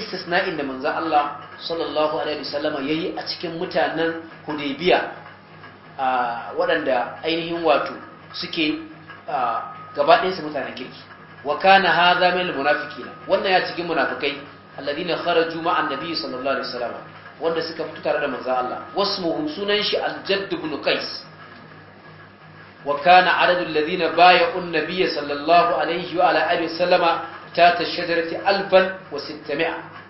istisna'in da manzan Allah sallallahu alaihi wasallama yayi a cikin mutanen hudaybiya waɗanda ainihin wato suke gaba ɗayansu mutanen kirki wa kana hadha min almunafiqina wannan ya cikin munafikai alladhina kharaju ma'a annabi sallallahu alaihi wasallama wanda suka fito tare da manzo Allah wasmuhu sunan shi aljadd ibn qais wa kana adadul ladina bay'u an-nabiy sallallahu alaihi wa ala alihi wasallama ta tashajarati alfan wa 600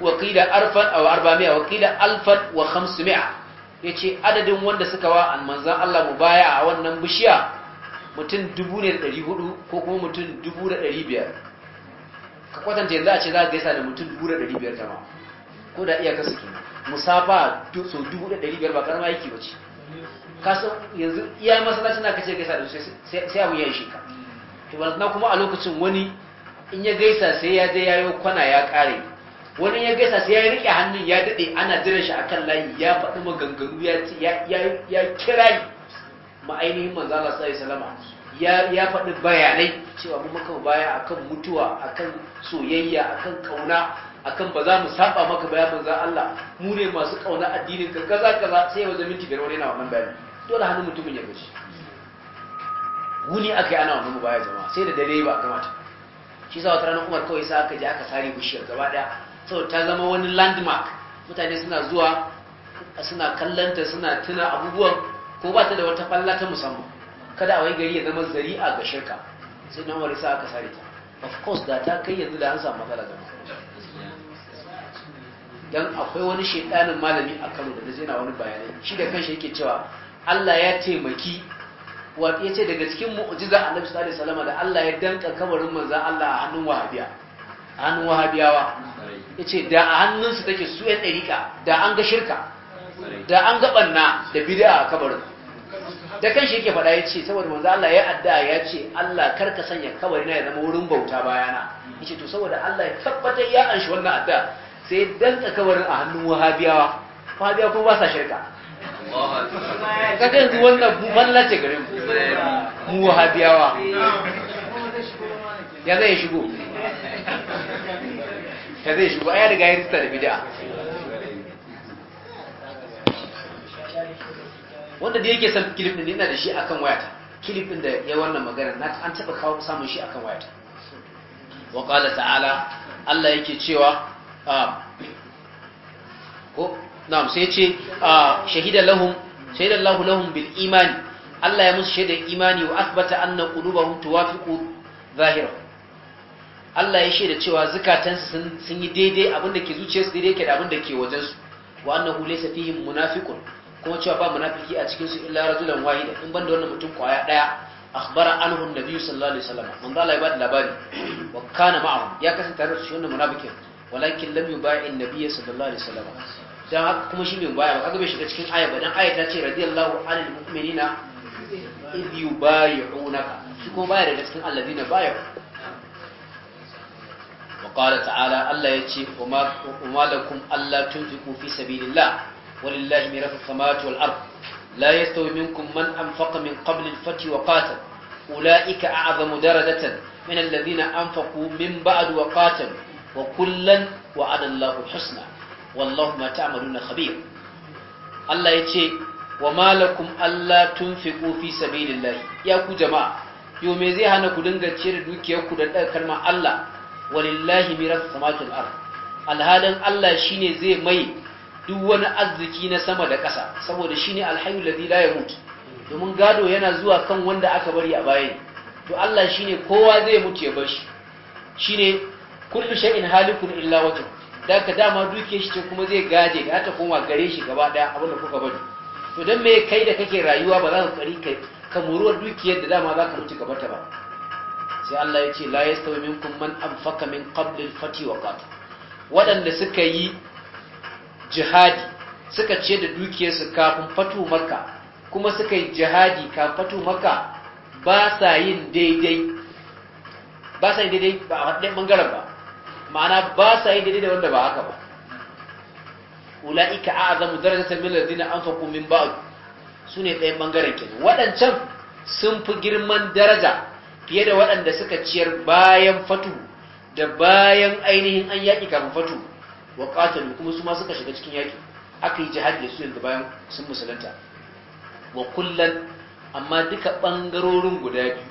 wa qila arfan aw arba'mi'a wa qila alfan wa khamsumi'a yace adadin wanda suka wa manzon Allah mubaya a wannan bishiya mutum 1400 ko kuma mutum 1500 ka kwatanta yanzu a ce za ka gaisa da mutum 1500 jama'a ko da iya kasu kenan musafa so 1500 ba karama yake bace kasan yanzu iya masallaci na kace gaisa da sai sai abun ya shi ka to kuma a lokacin wani in ya gaisa sai ya je yayo kwana ya kare wani ya gaisa sai ya rike hannun ya dade ana jiran shi akan layi ya faɗi maganganu ya ce ya ainihin manzo Allah sai salama ya faɗi bayanai cewa mu maka baya akan mutuwa akan soyayya akan kauna akan ba za mu saba maka baya manzo Allah mu ne masu kauna addinin ka kaza kaza sai wajen minti biyar wani na wannan bayani dole hannun mutumin ya gaji wuni aka yi ana wannan mu baya jama'a sai da dare ba kamata shi sa wata ranar Umar kawai sai aka je aka sare bishiyar gaba daya so ta zama wani landmark mutane suna zuwa suna kallanta suna tuna abubuwan ko ba ta da wata falla ta musamman kada a wai gari ya zama zari'a ga shirka sai na wani sa aka sare ta of course da ta kai yanzu da an samu matsala zama dan akwai wani shedanin malami a Kano da zai na wani bayanai shi da kanshi yake cewa Allah ya taimaki wato yace daga cikin mu'jiza Annabi sallallahu alaihi wasallam da Allah ya danka kabarin manzo Allah a hannun wahabiya a hannun wahabiyawa ya ce da a hannunsu take su yan ɗarika da an ga shirka da an ga ɓanna da bida a kabarin da kan shi yake faɗa ya ce saboda manzo Allah ya adda ya ce Allah kar ka sanya na ya zama wurin bauta bayana ya ce to saboda Allah ya tabbatar ya anshi wannan adda sai dan danka kabarin a hannun wahabiyawa wahabiyawa kuma ba sa shirka kaga yanzu wannan balla ce garin mu wahabiyawa ya zai shigo ya zai shi ya riga ya tsita da bid'a wanda da yake san kilif da ina da shi akan wayata kilif ɗin da ya wannan magana na an taba kawo samun shi akan wayata wa qala ta'ala Allah yake cewa ko na'am sai ce shahida lahum shahida Allahu lahum bil imani Allah ya musu shaidar imani wa asbata anna qulubahum tuwafiqu zahirahum Allah ya shaida cewa zukatansu sun yi daidai abinda ke zuciyarsu daidai yake da abinda ke wajensu wa annahu laysa fihim munafiqun kuma cewa ba munafiki a cikin su illa rajulan wahida in banda wannan mutum kwaya daya akhbara anhu an sallallahu alaihi wasallam manzo Allah ya bada labari wa kana ma'ahu ya kasance tare da shi wannan munafikin walakin lam yubai'in nabiy sallallahu alaihi wasallam dan haka kuma shi bai baya ba kaga bai shiga cikin aya ba dan aya ta ce radiyallahu anil mu'minina idh yubayi'unaka shi kuma baya da cikin alladina bayu qala Tala Allah yace umma lakum alla tunfiqu fi sabilillah walillahi mirasu samawati wal ard la yastawi minkum man anfaqa min qabli al-fath wa qatal ulaika a'zamu darajatan min alladhina anfaqu min ba'd wa qatal wa kullan wa'ada Allahu husna wallahu ma ta'maluna khabir Allah yace wa malakum alla tunfiqu fi sabilillah ya ku jama'a yo me zai hana ku dinga cire dukiyar ku da ma Allah walillahi miras samatil ard alhalin Allah shine zai mai duk wani arziki na sama da ƙasa saboda shine alhayyul ladhi la yamut domin gado yana zuwa kan wanda aka bari a baya to Allah shine kowa zai mutu ya bar shi shine kullu shay'in halikun illa wajh da ka dama duke shi ce kuma zai gaje ga ta koma gare shi gaba daya abin da kuka bari to dan me kai da kake rayuwa ba za ka kari kai ka muruwar dukiyar da dama za ka mutu gaba ta ba sai Allah ya ce la yastawi minkum man anfaqa min qabl al-fati wa qat waɗanda suka yi jihadi suka ce da dukiyarsu kafin fatu makka kuma suka yi jihadi kafin fatu makka ba sa yin daidai ba sa yin daidai ba a wadannan bangaren ba ma'ana ba sa yin daidai da wanda ba haka ba ula'ika a'zamu darajatan min alladhina anfaqu min ba'd sune ɗayan bangaren kenan waɗancan sun fi girman daraja fiye da waɗanda suka ciyar bayan fatu da bayan ainihin an yaƙi kafin fatu wa ƙatalu kuma su ma suka shiga cikin yaƙi aka yi jihadi da su yanzu bayan sun musulunta wa kullan amma duka ɓangarorin guda biyu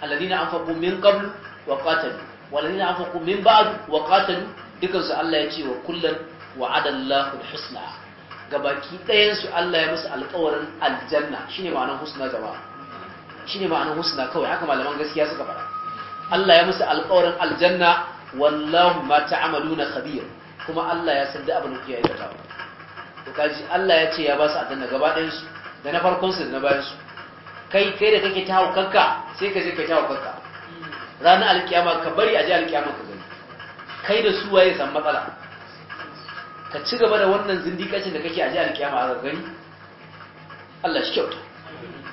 alladina anfaqu min qablu wa ƙatalu walladina anfaqu min ba'du wa ƙatalu dukan su Allah ya ce wa kullan wa adallahu husna gabaki ɗayan su Allah ya musu alƙawarin aljanna shine ma'anar husna jama'a shine ma'anar husna kawai haka malaman gaskiya suka fara Allah ya musu alƙawarin aljanna wallahu ma ta'amaluna khabir kuma Allah ya san duk abin da kuke aikata to kaji Allah ya ce ya ba su aljanna gaba ɗayan su da na farkon su da na bayan su kai kai da kake tawo kanka sai ka je ka tawo kanka ranar alkiyama ka bari a je alkiyama ka gani kai da su waye san matsala ka ci gaba da wannan zindikacin da kake a je alkiyama a gani Allah shi kyauta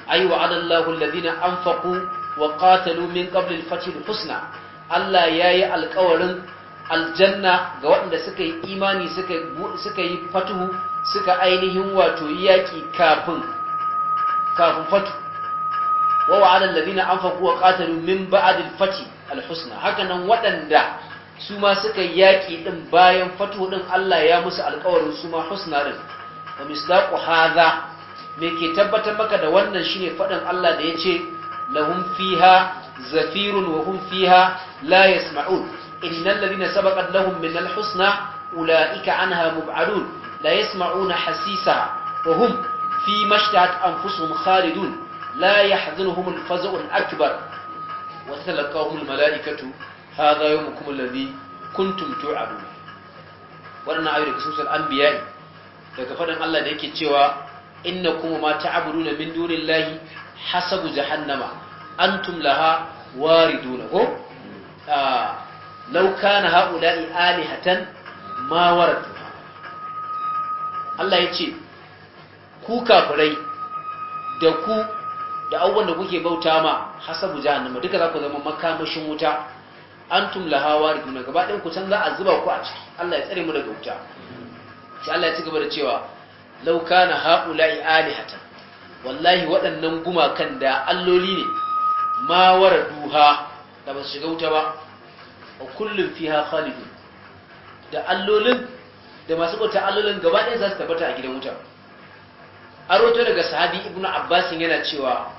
ai wa adallahu alladhina anfaqu wa qatalu min qabl al-fath husna Allah yayi alƙawarin aljanna ga waɗanda suka yi imani suka suka yi fatuhu suka ainihin wato yaki kafin kafin fatu wa wa'ada alladhina anfaqu wa qatalu min ba'd al-fath al-husna hakanan waɗanda su ma suka yaki din bayan fatuhu din Allah ya musu alƙawarin su ma husna din wa misdaqu hadha me ke tabbatar maka da wannan shine faɗin Allah da ya ce lahum fiha zafirun wa hum fiha la yasma'un innal ladina sabaqat lahum min al-husna ulaika anha mub'adun la yasma'una hasisa wa hum fi mashtahat anfusuhum khalidun la yahzunuhum al-faza'u akbar wa talaqahum al-mala'ikatu hadha yawmukum alladhi kuntum tu'adun wannan ayoyi da kusa daga faɗin Allah da yake cewa Inna kuma ma ta'buduna min dunillahi hasabu jahannama antum laha wariduna ko law kana haula'i alihatan ma waratu Allah yace ku kafirai da ku da abubuwan da kuke bauta ma hasabu jahannama duka za ku zama makamashin wuta antum laha wariduna gaba ɗayan ku can za a zuba ku a ciki Allah ya tsare mu daga wuta sai Allah ya ci gaba da cewa law kana Ali alihatan wallahi waɗannan gumakan da alloli ne ma wara duha da ba su shiga wuta ba a kullum ha khalidun da allolin da masu bauta allolin gaba ɗaya za su tabbata a gidan wuta roto daga sahabi ibnu abbas yana cewa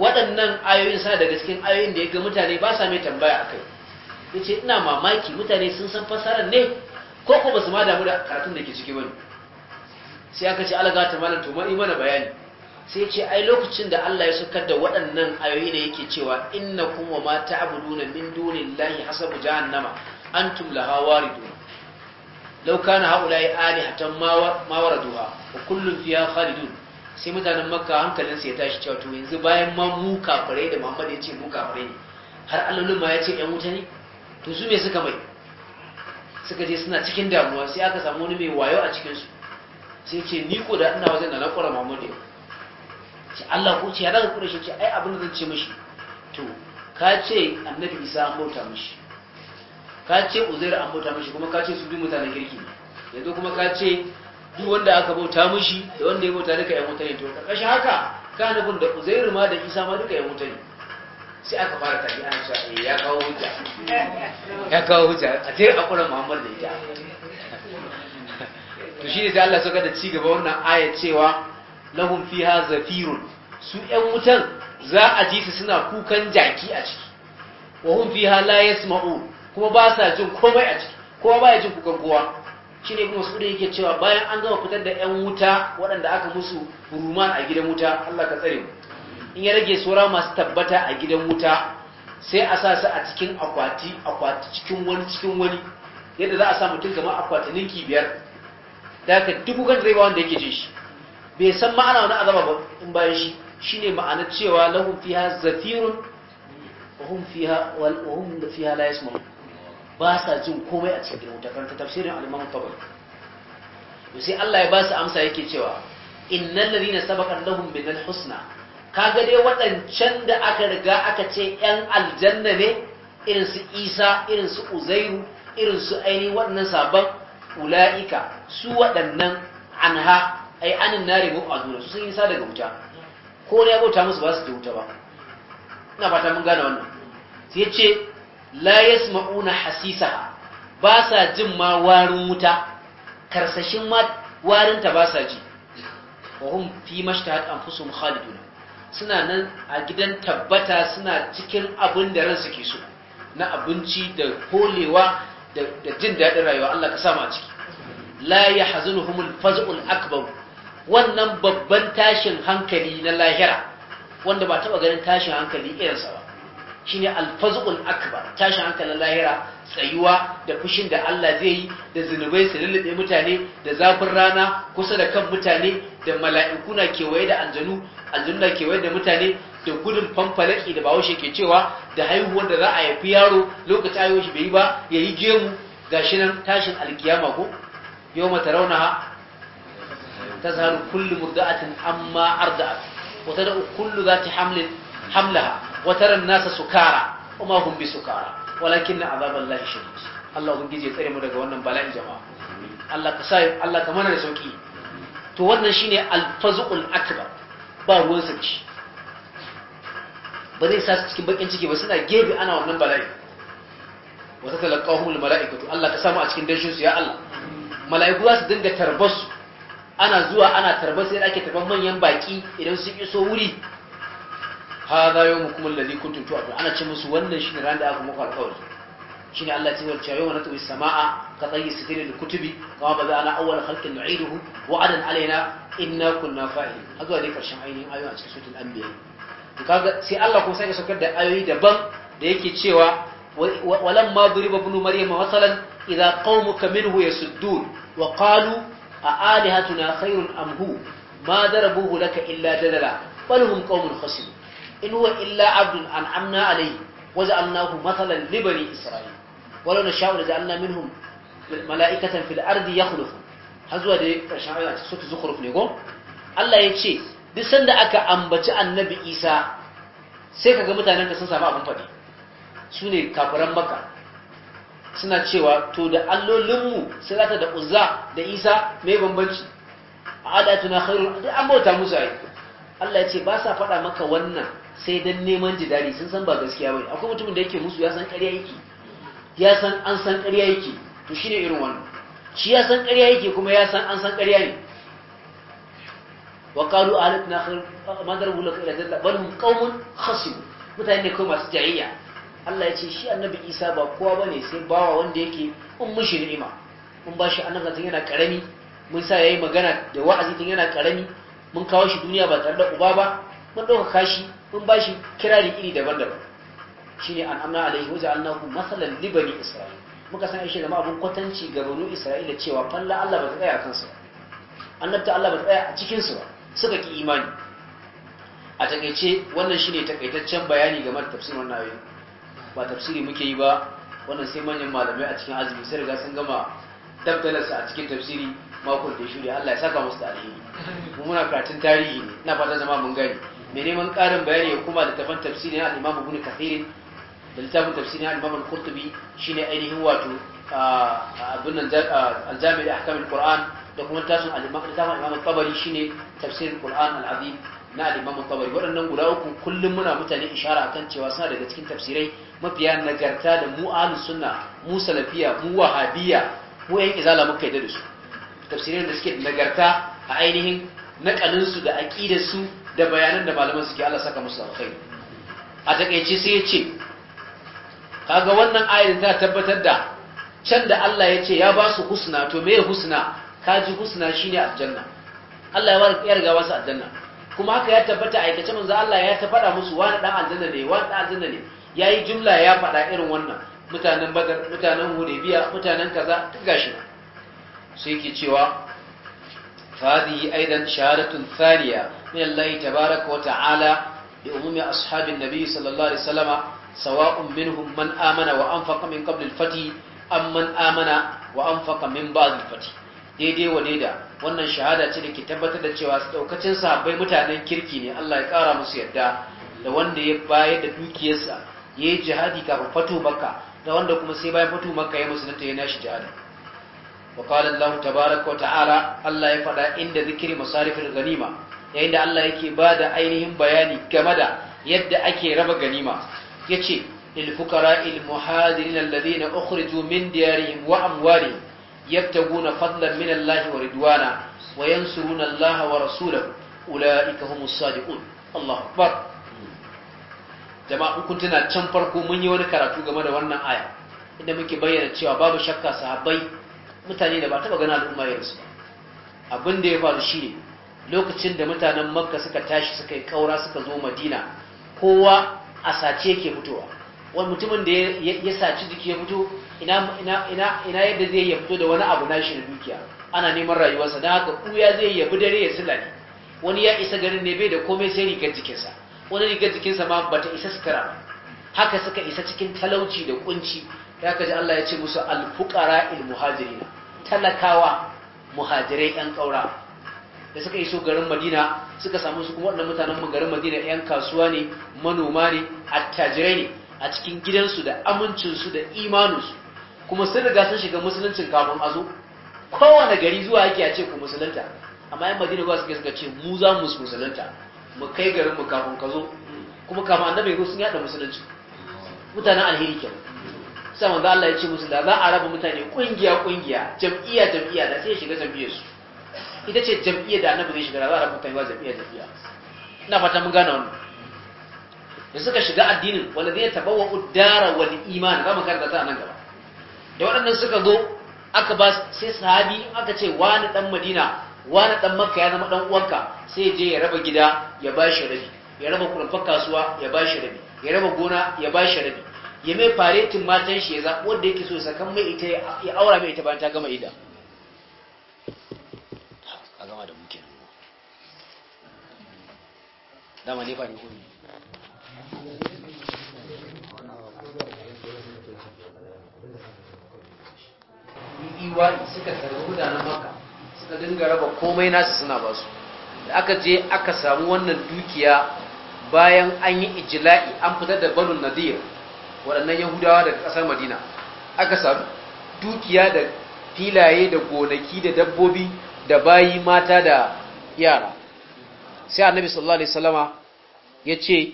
waɗannan ayoyin sa daga cikin ayoyin da ya ga mutane ba sa mai tambaya akai yace ina mamaki mutane sun san fasarar ne ko ko ba su ma damu da karatun da ke ciki ne? sai aka ce alaga ta malam to mai mana bayani sai ce ai lokacin da Allah ya sukar da waɗannan ayoyi da yake cewa innakum wa ma ta'buduna min dunillahi hasabu jahannama antum laha waridun law kana haula'i alihatan ma waraduha wa kullun fiha khalidun sai mutanen makka hankalin su ya tashi cewa to yanzu bayan ma mu kafirai da Muhammad ya ce mu kafirai ne har allolin ma ya ce ɗan wuta ne to su me suka mai suka je suna cikin damuwa sai aka samu wani mai wayo a cikin su sai ce ni ko da ina wajen na kura Muhammadu yau ce Allah ko ce ya daga kura shi ce ai abin da zan ce mishi to ka ce annabi Isa an bauta mishi ka ce Uzair an bauta mishi kuma ka ce su bi mutanen kirki yanzu kuma ka ce duk wanda aka bauta mishi da wanda ya bauta duka ya wuta ne to kashi haka ka nufin da Uzair ma da Isa ma duka ya wuta ne sai aka fara tafi ana cewa eh, ya kawo hujja ya kawo hujja a je a kura Muhammadu da ita to shi ne sai Allah saka da cigaba wannan aya cewa lahum fiha zafirun su ‘yan wutan za a ji su suna kukan jaki a ciki wa hum fiha la yasma'u kuma ba sa jin komai a ciki kowa baya jin kukan kowa shi ne kuma su da yake cewa bayan an gama fitar da ‘yan wuta waɗanda aka musu ruman a gidan wuta Allah ka tsare mu in ya rage saura masu tabbata a gidan wuta sai a sa su a cikin akwati akwati cikin wani cikin wani yadda za a sa mutum kamar akwatinin kibiyar da ka duk kan zai ba wanda yake jin shi bai san ma'ana wani azaba ba in bayan shi shine ma'ana cewa lahum fiha zafirun wa hum fiha wal wa hum fiha la yasma'un ba sa jin komai a cikin gidan wuta kan tafsirin al-Imam Tabari sai Allah ya ba su amsa yake cewa innal ladina sabaqat lahum bil husna kaga dai waɗancan da aka riga aka ce ‘yan aljanna ne irinsu isa irinsu uzairu irinsu aini waɗannan sabon ula'ika su waɗannan anha ai anin nare mu azuna sun yi sa daga wuta ko ne bauta musu ba su wuta ba ina fata mun gane wannan sai ce, la yasma'una hasisa, ba sa jin ma warin wuta karsashin ma warin ta ba sa ji wa hum fi mashtahat anfusum khalidun suna nan a gidan tabbata suna cikin abin da ransu ke so na abinci da kolewa da jin daɗin rayuwa Allah ka sama a ciki la ya hazunuhumul faz'ul akbar wannan babban tashin hankali na lahira wanda ba taba ganin tashin hankali irin sa ba shine faz'ul akbar tashin hankalin lahira tsayuwa da fushin da Allah zai yi da zunubai su lullube mutane da zafin rana kusa da kan mutane da mala'iku na kewaye da aljanu aljanu na kewaye da mutane da gudun fanfalaki da bahaushe ke cewa da haihuwar da za a yafi yaro lokacin haihuwar shi bai yi ba ya yi gemu gashi nan tashin alkiyama ko yau mata rauna ta zaru kullu murda'atin amma arda'at wa da kullu zati hamlin hamlaha wa tara an-nasa sukara kuma hum bi sukara walakin azaballahi shadid Allah ubangiji ya tsare mu daga wannan bala'in jama'a Allah ka sai Allah ka mana da sauki to wannan shine al-fazul akbar ba ruwan sauki ba zai sa su cikin bakin ciki ba suna gebe ana wannan bala'i wata talaqahumul mala'ikatu Allah ta samu a cikin dashin su ya Allah mala'iku za su dinga tarbar su ana zuwa ana tarbar sai ake tarbar manyan baki idan sun iso wuri hadha yawmukum alladhi kuntum tu'adun ana ce musu wannan shine ran da aka muku alƙawari shine Allah ta wuce yau yawma tuwi samaa ka tsayi sitira da kutubi kama ba za ana awwal khalqin nu'iduhu wa'adan alaina inna kunna fa'il hazuwa dai karshen ainihin ayoyin a cikin suratul anbiya to kaga sai Allah kuma sake saukar da ayoyi daban da yake cewa walam ma duriba ibn maryama masalan idza qaumuka minhu yasuddun wa qalu a alihatuna khairun am hu ma darabuhu laka illa dalala bal hum qaumun khasib in huwa illa abdun an'amna alayhi wa ja'alnahu masalan li bani isra'il walau nasha'u laja'alna minhum mala'ikatan fil ardi yakhlufu har zuwa da ƙarshen ayat su zukhruf ne go, Allah ya ce duk sanda aka ambaci annabi isa sai kaga mutanen ka sun samu abin faɗi su ne kafiran maka suna cewa to da allolinmu salata da uzza da isa mai bambanci a na duk an bauta musu ai Allah ya ce ba sa faɗa maka wannan sai dan neman jidali sun san ba gaskiya bane akwai mutumin da yake musu ya san ƙarya yake ya san an san ƙarya yake to shine irin wannan shi ya san ƙarya yake kuma ya san an san ƙarya ne وقالوا آلتنا خير ما ضربوا لك إلى ذلك بل هم قوم خصم mutane ne أستعية masu jayayya Allah ya ce shi annabi Isa ba kowa bane sai bawa wanda أنك in mushi من mun إما shi annabi tun yana karami mun sa yayi magana da wa'azi tun yana karami mun kawo shi duniya ba tare da uba ba mun dauka kashi mun kirari iri daban-daban shine an amna alaihi wa ja'alnahu masalan isra'il muka san shi zama abun kwatanci ga banu isra'ila cewa falla Allah ba tsaya a kansu annabta Allah ba tsaya a cikin su ba suka ki imani a takaice wannan shine takaitaccen bayani game da tafsirin wannan ayoyi ba tafsiri muke yi ba wannan sai manyan malamai a cikin azumi sai riga sun gama tabbalarsa a cikin tafsiri makon da ya shuri Allah ya saka musu alheri mu muna karatun tarihi ne ina fata zama mun gani mai neman karin bayani ya kuma da tafan tafsiri na al-Imam Ibn Kathir da littafin tafsiri na al-Imam Al-Qurtubi shine ainihin wato ah, abin nan ah, al-Jami' al Ahkam al-Qur'an da kuma tashin al-imam tabari shine tafsir qur'an al-azim na al-imam tabari waɗannan guda uku kullum muna mutane ishara akan cewa suna daga cikin tafsirai mafiya nagarta da mu ahlus sunna mu salafiya mu wahabiya, mu yan izala muka yadda da su tafsirai da suke nagarta a ainihin nakalin su da aqidar su da bayanan da malaman suke Allah saka musu alkhairi a takeice sai yace kaga wannan ayatin ta tabbatar da can da Allah ya ce ya ba su husna to me husna Kaji ji husna shine aljanna Allah ya riga wasu aljanna kuma haka ya tabbata aikace manzo Allah ya ta faɗa musu wani dan aljanna ne wani dan aljanna ne yayi jumla ya faɗa irin wannan mutanen badar mutanen hudaybiya mutanen kaza duk gashi sai ke cewa fadi aidan shahadatun Saniya, min Allah tabaaraka wa ta'ala li ashabin nabi sallallahu alaihi wasallama sawa'un minhum man amana wa anfaqa min qabl al amman amana wa anfaqa min ba'd daidai wa daida wannan shahada ce da ke tabbatar da cewa su daukacin sahabbai mutanen kirki ne Allah ya kara musu yadda da wanda ya bayar da dukiyarsa ya yi jihadi kafin fato maka, da wanda kuma sai bayan fato maka ya musulunta ya nashi jihadi wa qala Allah tabaaraka wa ta'ala Allah ya faɗa inda zikiri masarifin ganima yayin da Allah yake bada ainihin bayani game da yadda ake raba ganima yace lil fuqara al muhajirin alladhina ukhriju min diyarihim wa amwalihim yabtaguna fadlan min Allah wa ridwana wa yansuruna Allah wa rasulahu ulaika humus sadiqun Allahu akbar jama'a tana can farko mun yi wani karatu game da wannan aya inda muke bayyana cewa babu shakka sahabbai mutane da ba taba ganin al'umma irin su ba abin da ya faru shine lokacin da mutanen makka suka tashi suka yi kaura suka zo madina kowa a sace yake fitowa wani mutumin da ya saci jiki ya fito ina yadda zai ya fito da wani abu nashi na dukiya ana neman rayuwarsa don haka kuya zai yabi dare ya sula ne wani ya isa garin ne bai da komai sai rigar jikinsa wani rigar jikinsa ma bata isa sukara ba haka suka isa cikin talauci da kunci da kaji Allah ya ce musu alfukara il muhajirin talakawa muhajirai yan kaura da suka iso garin Madina suka samu su kuma waɗannan mutanen mu garin Madina yan kasuwa ne manoma ne attajirai ne a cikin gidansu da amincinsu da imaninsu kuma sun riga sun shiga musuluncin kafin a zo kowane gari zuwa yake a ce ku musulunta amma yan madina ba ke suka ce mu za mu musulunta mu kai garin mu kafin ka zo kuma kafin annabi ko sun yada musulunci mutanen alheri ke sai manzo Allah ya ce musu da za a raba mutane kungiya kungiya jam'iyya jam'iyya da sai shiga jam'iyyar su ita ce jam'iyya da annabi zai shiga da za a raba mutane ba jam'iyya jam'iyya ina fata mun gane wannan da suka shiga addinin wanda zai tabawwa uddara wal iman za mu karanta ta nan gaba da waɗannan suka zo aka ba sai sahabi aka ce wani ɗan madina wani ɗan makka ya zama ɗan uwanka sai je ya raba gida ya ba shi rabi ya raba kurfar kasuwa ya ba shi rabi ya raba gona ya ba shi rabi ya mai faretin matan shi ya zaɓi wanda yake so sakan mai ita ya aura mai ita bayan ta gama ida a gama da muke nan dama ne ne iwa'i suka tarbi mutanen maka suka dinga raba komai nasu suna ba su da aka je aka samu wannan dukiya bayan an yi ijila'i an fitar da banu nadir waɗannan yahudawa daga ƙasar madina aka samu dukiya da filaye da gonaki da dabbobi da bayi mata da yara sai annabi sallallahu alaihi wasallama ya ce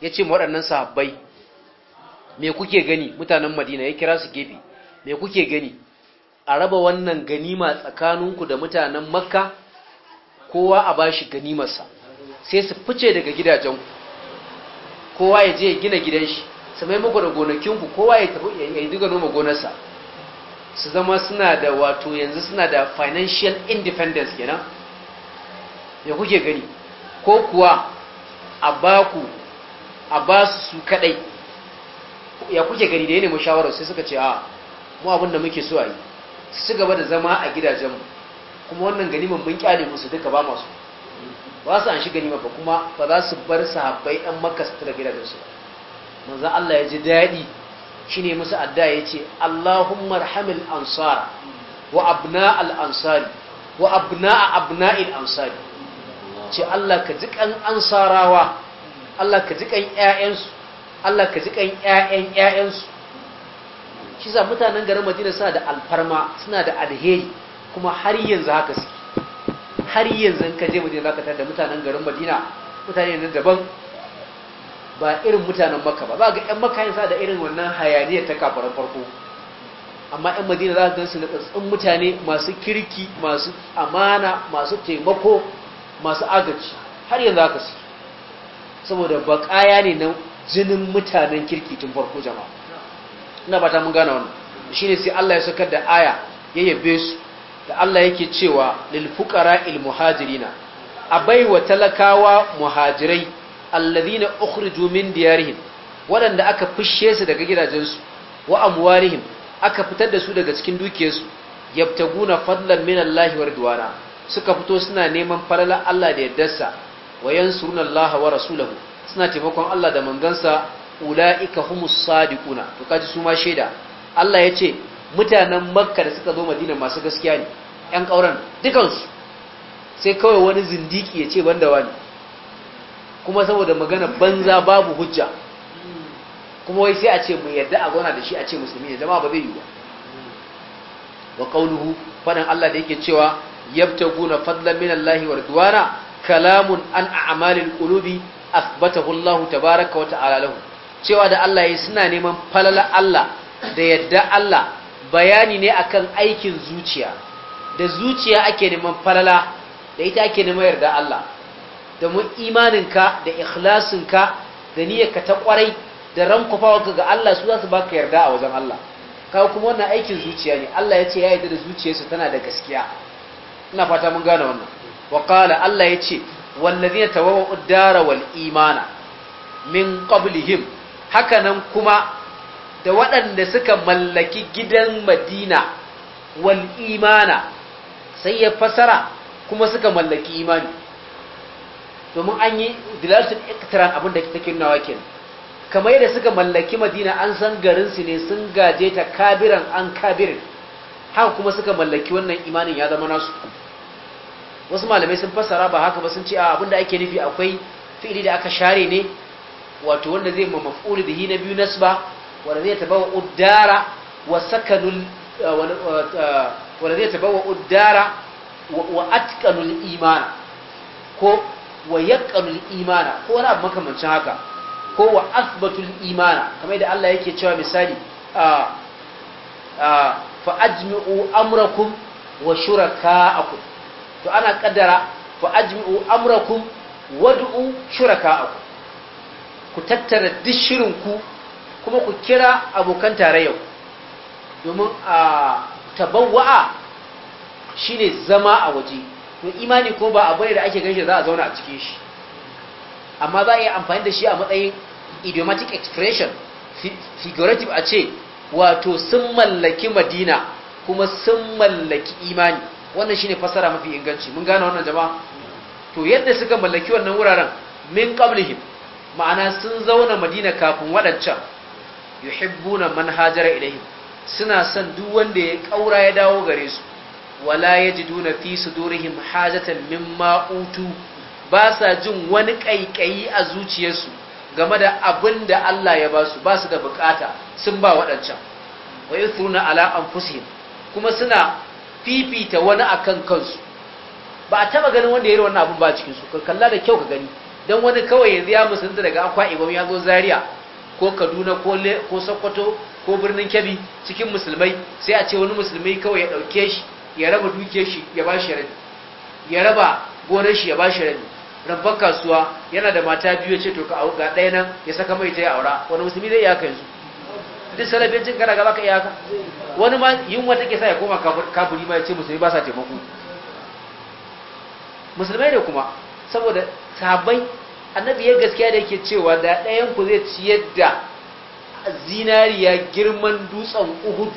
ya ce waɗannan sahabbai me kuke gani mutanen madina ya kira su gefe me kuke gani a raba wannan ganima tsakaninku da mutanen makka kowa a bashi ganimarsa sai su fice daga gidajenku kowa ya je gina gidan shi su mai da gonakinku kowa ya yi duka noma gonarsa su zama suna da wato yanzu suna da financial independence kenan ya kuke gani ko kuwa a baku a ba su su kadai ya kuke gani da yanayin mashawarar sai suka ce a mu abin da muke so a yi su gaba da zama a gidajenmu kuma wannan ganiman mun kyale musu duka ba masu ba su an shi ganima ba kuma ba za su bar sahabbai ɗan makka su tura gidajensu manzan Allah ya ji daɗi shi ne musu adda ya ce Allahumma rahamil ansar wa abna al ansari wa abna a abna il ansari ce Allah ka ji kan ansarawa Allah ka ji kan ƴaƴansu Allah ka ji kan ƴaƴan shi mutanen garin madina suna da alfarma suna da alheri kuma har yanzu haka suke har yanzu ka je madina zaka tada mutanen garin madina mutane ne daban ba irin mutanen makka ba ba ga yan makka yansa da irin wannan hayaniyar ta kafaran farko amma yan madina za ka gan su natsatsun mutane masu kirki masu amana masu taimako masu agaji har yanzu haka suke saboda baƙaya ne na jinin mutanen kirki tun farko jama'a ina ba ta mun gane wannan shine sai Allah ya sakar da aya ya yabe su da Allah yake cewa lil il muhajirina abai wa talakawa muhajirai alladhina ukhriju min diyarihim waɗanda aka fishe su daga gidajensu wa amwarihim aka fitar da su daga cikin dukiyarsu yabtaguna fadlan min Allah wa ridwana suka fito suna neman falala Allah da yaddarsa wa yansuruna Allah wa rasulahu suna taimakon Allah da mangansa ula'ika humus sadiquna to kaji su ma shaida Allah ya ce mutanen makka da suka zo madina masu gaskiya ne ‘yan ƙauran dukansu sai kawai wani zindiki ya ce banda wani kuma saboda magana banza babu hujja kuma wai sai a ce mu yadda a gona da shi a ce musulmi ne jama'a ba zai yi ba wa qauluhu faɗin Allah da yake cewa yabtaguna fadlan min Allah wa ridwana kalamun an a'malil qulubi athbatahu Allah tabaaraka wa ta'ala lahu cewa da Allah ya suna neman falala Allah da yadda Allah bayani ne akan aikin zuciya da zuciya ake neman falala da ita ake neman yarda Allah da mu imaninka da ikhlasinka da niyyarka ta kwarai da rankufawarka ga Allah su zasu baka yarda a wajen Allah kawo kuma wannan aikin zuciya ne Allah ya ce ya yarda da zuciyarsa tana da gaskiya ina fata mun gane wannan wa qala Allah ya ce wallazina tawawwa'u ad-dara wal imana min qablihim hakanan kuma da waɗanda suka mallaki gidan madina wal imana sai ya fasara kuma suka mallaki imani domin an yi dilarsun iktiran abinda take nunawa kenan kamar yadda suka mallaki madina an san garinsu ne sun gaje ta kabiran an kabirin haka kuma suka mallaki wannan imanin ya zama nasu wasu malamai sun fasara ba haka ba sun ce abinda ake nufi akwai fi'ili da aka share ne wato wanda zai ma maf'ul bihi na biyu nasba wanda zai tabawa uddara wa sakanul eh, eh, eh, wanda zai tabawa uddara wa atqanul imana ko wa yaqanul imana ko wani abu makamancin haka ko wa asbatul imana kamar yadda Allah yake cewa misali a a fa ajmi'u amrakum wa shuraka'akum to ana kaddara fa ajmi'u amrakum wad'u shuraka'akum ku tattara duk shirinku kuma ku kira abokan yau domin a tabawwa'a shine zama a waje to imani ko ba abu ne da ake ganin za a zauna a cikin shi amma za a yi amfani da shi a matsayin idiomatic expression figurative a ce wato sun mallaki madina kuma sun mallaki imani wannan shine fasara mafi inganci mun gane wannan jama'a to yadda suka mallaki wannan wuraren min qablihim ma'ana sun zauna madina kafin waɗancan yuhibbuna man hajara ilaihim suna son duk wanda ya kaura ya dawo gare su wala yajiduna fi sudurihim hajatan mimma utu ba sa jin wani kaikayi a zuciyarsu game da abinda Allah ya ba su ba su da bukata sun ba waɗancan wa suna ala anfusihim kuma suna fifita wani akan kansu ba a taba ganin wanda ya yi wannan abin ba cikinsu ka kalla da kyau ka gani don wani kawai yanzu ya musulunta daga akwa ibom ya zo zaria ko kaduna ko sokoto ko birnin kebbi cikin musulmai sai a ce wani musulmai kawai ya dauke shi ya raba duke shi ya ba shi rabi ya raba gonar shi ya ba shi rabi rabbar kasuwa yana da mata biyu ya ce to ga ɗaya nan ya saka mai ta ya aura wani musulmi zai iyaka yanzu duk salafiyancin kana gaba ka iyaka wani ma wata ke sa ya koma kafuri ma ya ce musulmi ba sa taimako musulmai ne kuma saboda sahabbai annabi ya gaskiya da yake cewa da ɗayan ku zai ciyar da zinariya girman dutsen uhud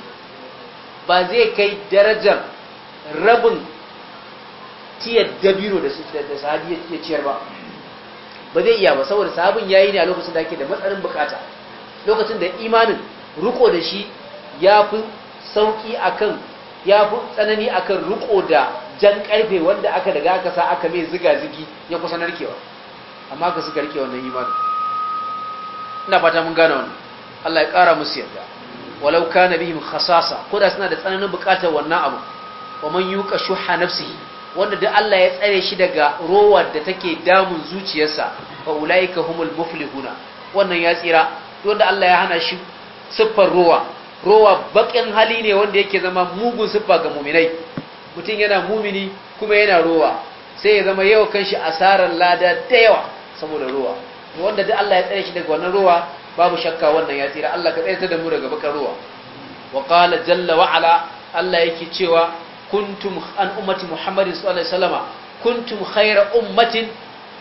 ba zai kai darajar rabin tiyar dabiro da sahabi ya ciyar ba ba zai iya ba saboda sahabin ya yi ne a lokacin da ake da matsarin bukata lokacin da imanin ruko da shi ya fi sauki akan ya fi tsanani akan ruko da jan karfe wanda aka daga aka sa aka mai ziga zigi ya kusa narkewa amma ka suka rike wannan mara, ina fata mun gane wannan Allah ya kara musu yarda walau kana bihim khasasa koda suna da tsananin bukatar wannan abu wa man yuqa shuha nafsihi wanda duk Allah ya tsare shi daga rowar da take damun zuciyarsa fa ulaika humul muflihuna wannan ya tsira wanda Allah ya hana shi siffar rowa rowa bakin hali ne wanda yake zama mugun siffa ga muminai mutum yana mumini kuma yana rowa sai ya zama yau kanshi asarar lada da yawa saboda rowa wanda da Allah ya tsare shi daga wannan rowa babu shakka wannan ya tsira Allah ka tsare da mu daga bakar rowa wa qala jalla wa ala Allah yake cewa kuntum an ummati muhammadin sallallahu alaihi kuntum khayra ummatin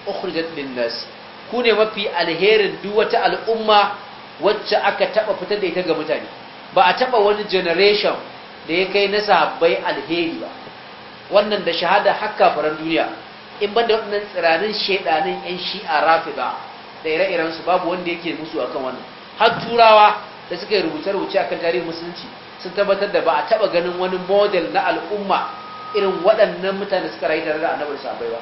ukhrijat lin nas ku ne mafi alherin duk wata al'umma wacce aka taba fitar da ita ga mutane ba a taba wani generation da ya kai na sahabbai alheri ba wannan da shahada hakka faran duniya in banda wannan tsiranin shedanin yan shi'a rafida da ire-iren su babu wanda yake musu akan wannan har turawa da suka yi rubuce-rubuce akan tarihin musulunci sun tabbatar da ba a taba ganin wani model na al'umma irin waɗannan mutane suka rayu tare da annabi sahabbai ba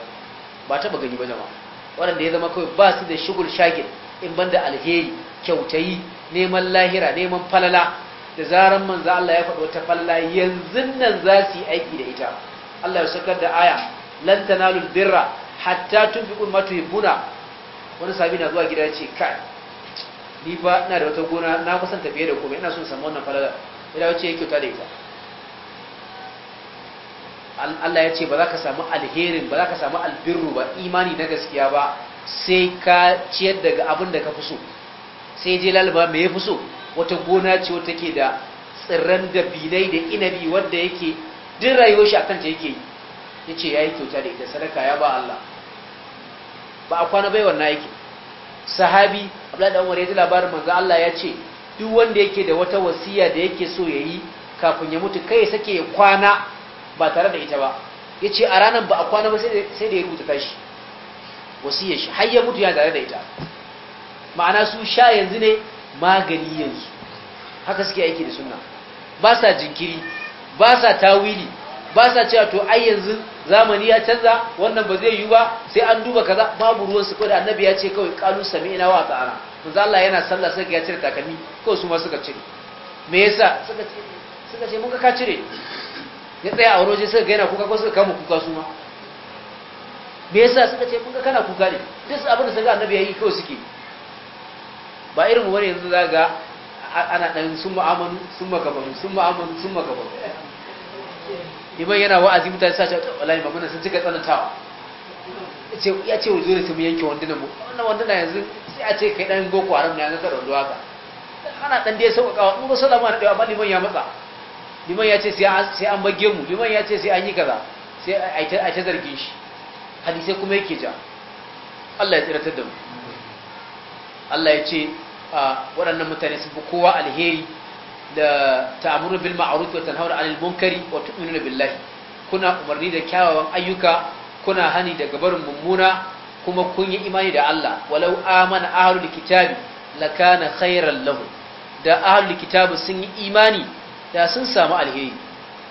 ba taba gani ba jama'a da ya zama kawai ba su da shugul shagil in banda alheri kyautayi neman lahira neman falala da zaran manzo Allah ya faɗo ta falla yanzu nan za su yi aiki da ita Allah ya sakar da aya lan tanalul birra hatta tunfiqu ma tuhibbuna wani sabi na zuwa gida ya ce kai ni ba ina da wata gona na kusan tafiye da komai ina son samu wannan falala ina wace yake ta da ita Allah ya ce ba za ka samu alherin ba za ka samu albirru ba imani na gaskiya ba sai ka ciyar daga abin da ka fi so sai je lalba me ya fi so wata gona ce wata ke da tsirran da binai da inabi wanda yake din rayuwar shi akan ta yake yi Ya ce ya yi kyauta da ita sadaka ya ba Allah ba a kwana bai wannan yake sahabi Abdullahi da Umar ya ji labarin manzo Allah ya ce duk wanda yake da wata wasiya da yake so ya yi kafin ya mutu kai sake kwana ba tare da ita ba Ya ce a ranar ba a kwana ba sai da ya rubuta tashi wasiyar shi har ya mutu ya tare da ita ma'ana su sha yanzu ne magani yanzu haka suke aiki da sunna ba sa jinkiri ba sa tawili ba sa cewa to ai yanzu zamani ya canza wannan ba zai yi ba sai an duba kaza babu ruwan su kodai annabi ya ce kawai qalu sami'na wa ta'ala manzo Allah yana sallah sai ya cire takalmi ko su ma suka cire me yasa suka cire suka ce muka ka cire ya tsaya a waje suka ga yana kuka ko suka kama kuka su ma me yasa suka ce muka kana kuka ne duk abin da suka annabi ya yi kawai suke ba irin wani yanzu za ga ana ɗan sun ma'amanu sun makabaru sun ma'amanu sun makabaru iman yana wa'azi mutane sa ce wallahi ba mana sun cika tsanantawa ya ce wa zuri sun yanke wanduna mu wannan wanduna yanzu sai a ce kai ɗan boko haram ne yanzu ka ɗan duwaka ana ɗan dai sauƙa kawo ba sallama na ɗaya amma liman ya matsa liman ya ce sai an bage mu liman ya ce sai an yi kaza sai a ta zargin shi hadisai kuma yake ja Allah ya tsiratar da mu Allah ya ce waɗannan mutane sun fi kowa alheri da ta'amuru bil ma'ruf wa tanhauna 'anil munkari wa tu'minuna billahi kuna umarni da kyawawan ayyuka kuna hani da gabarin mummuna kuma kun yi imani da Allah walau amana ahlul kitabi lakana khairan lahu da ahlul kitabi sun yi imani da sun samu alheri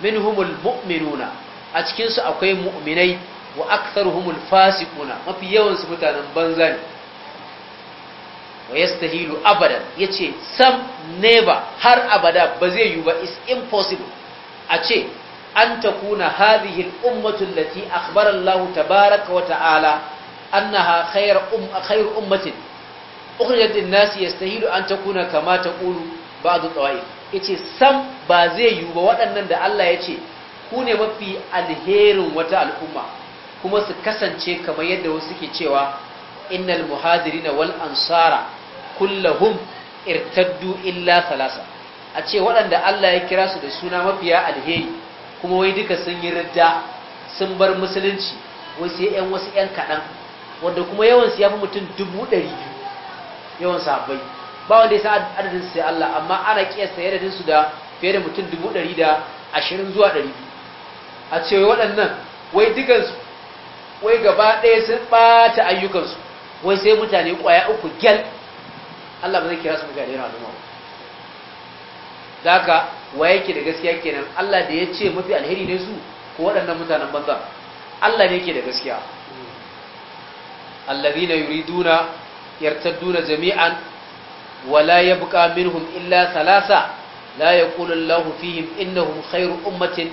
minhumul mu'minuna a cikin su akwai mu'minai wa aktharuhumul fasiquna mafi yawan su mutanen banza ne wa yastahilu abadan yace sam never har abada ba zai yiwu ba is impossible a ce an takuna hadhihi al-ummatu allati akhbara Allah tabaaraka wa ta'ala annaha khayr um khayr ummatin ukhrijat lin-nas yastahilu an takuna kama taqulu ba'du tawaif yace sam ba zai yiwu ba waɗannan da Allah yace ku ne mafi alherin wata al'umma kuma su kasance kamar yadda wasu ke cewa innal muhadirina wal ansara kullahum irtaddu illa salasa a ce waɗanda Allah ya kira su da suna mafiya alheri kuma wai duka sun yi ridda sun bar musulunci wai sai ƴan wasu ƴan kaɗan wanda kuma yawan su ya fi mutum dubu ɗari biyu yawan sahabbai ba wanda ya san adadin su sai Allah amma ana kiyasta adadin su da fiye da mutum dubu ɗari da ashirin zuwa ɗari biyu a ce waɗannan wai dukansu wai gaba ɗaya sun ɓata ayyukansu wai sai mutane ƙwaya uku gyal Allah ba zai kira su mutane al'umma ba da haka wa yake da gaskiya kenan Allah da ya ce mafi alheri ne su ko waɗannan mutanen banza Allah ne ke da gaskiya Allah na duna, yuriduna duna jami'an wala min minhum illa salasa la yaqulu lahu fihim innahum khairu ummatin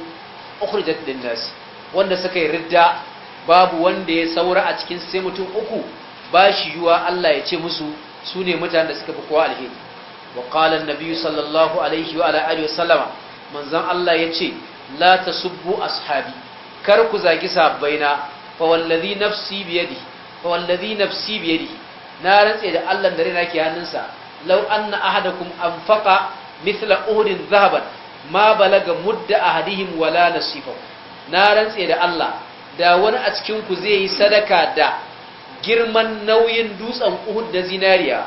ukhrijat din nas wanda suka yi ridda babu wanda ya saura a cikin sai mutum uku ba shi yiwa Allah ya ce musu su ne mutanen da suka fi kowa alheri wa qala an-nabi sallallahu alaihi wa alihi salama, manzon Allah ya ce, la tasubbu ashabi kar ku zagi sabbaina fa wallazi nafsi bi yadi fa wallazi nafsi bi yadi na rantse da Allah da raina ke hannunsa law anna ahadakum anfaqa mithla uhdin dhahaban ma balaga mudda ahadihim wala nasifa na rantse da Allah da wani a cikin ku zai yi sadaka da girman nauyin dutsen uhud da zinariya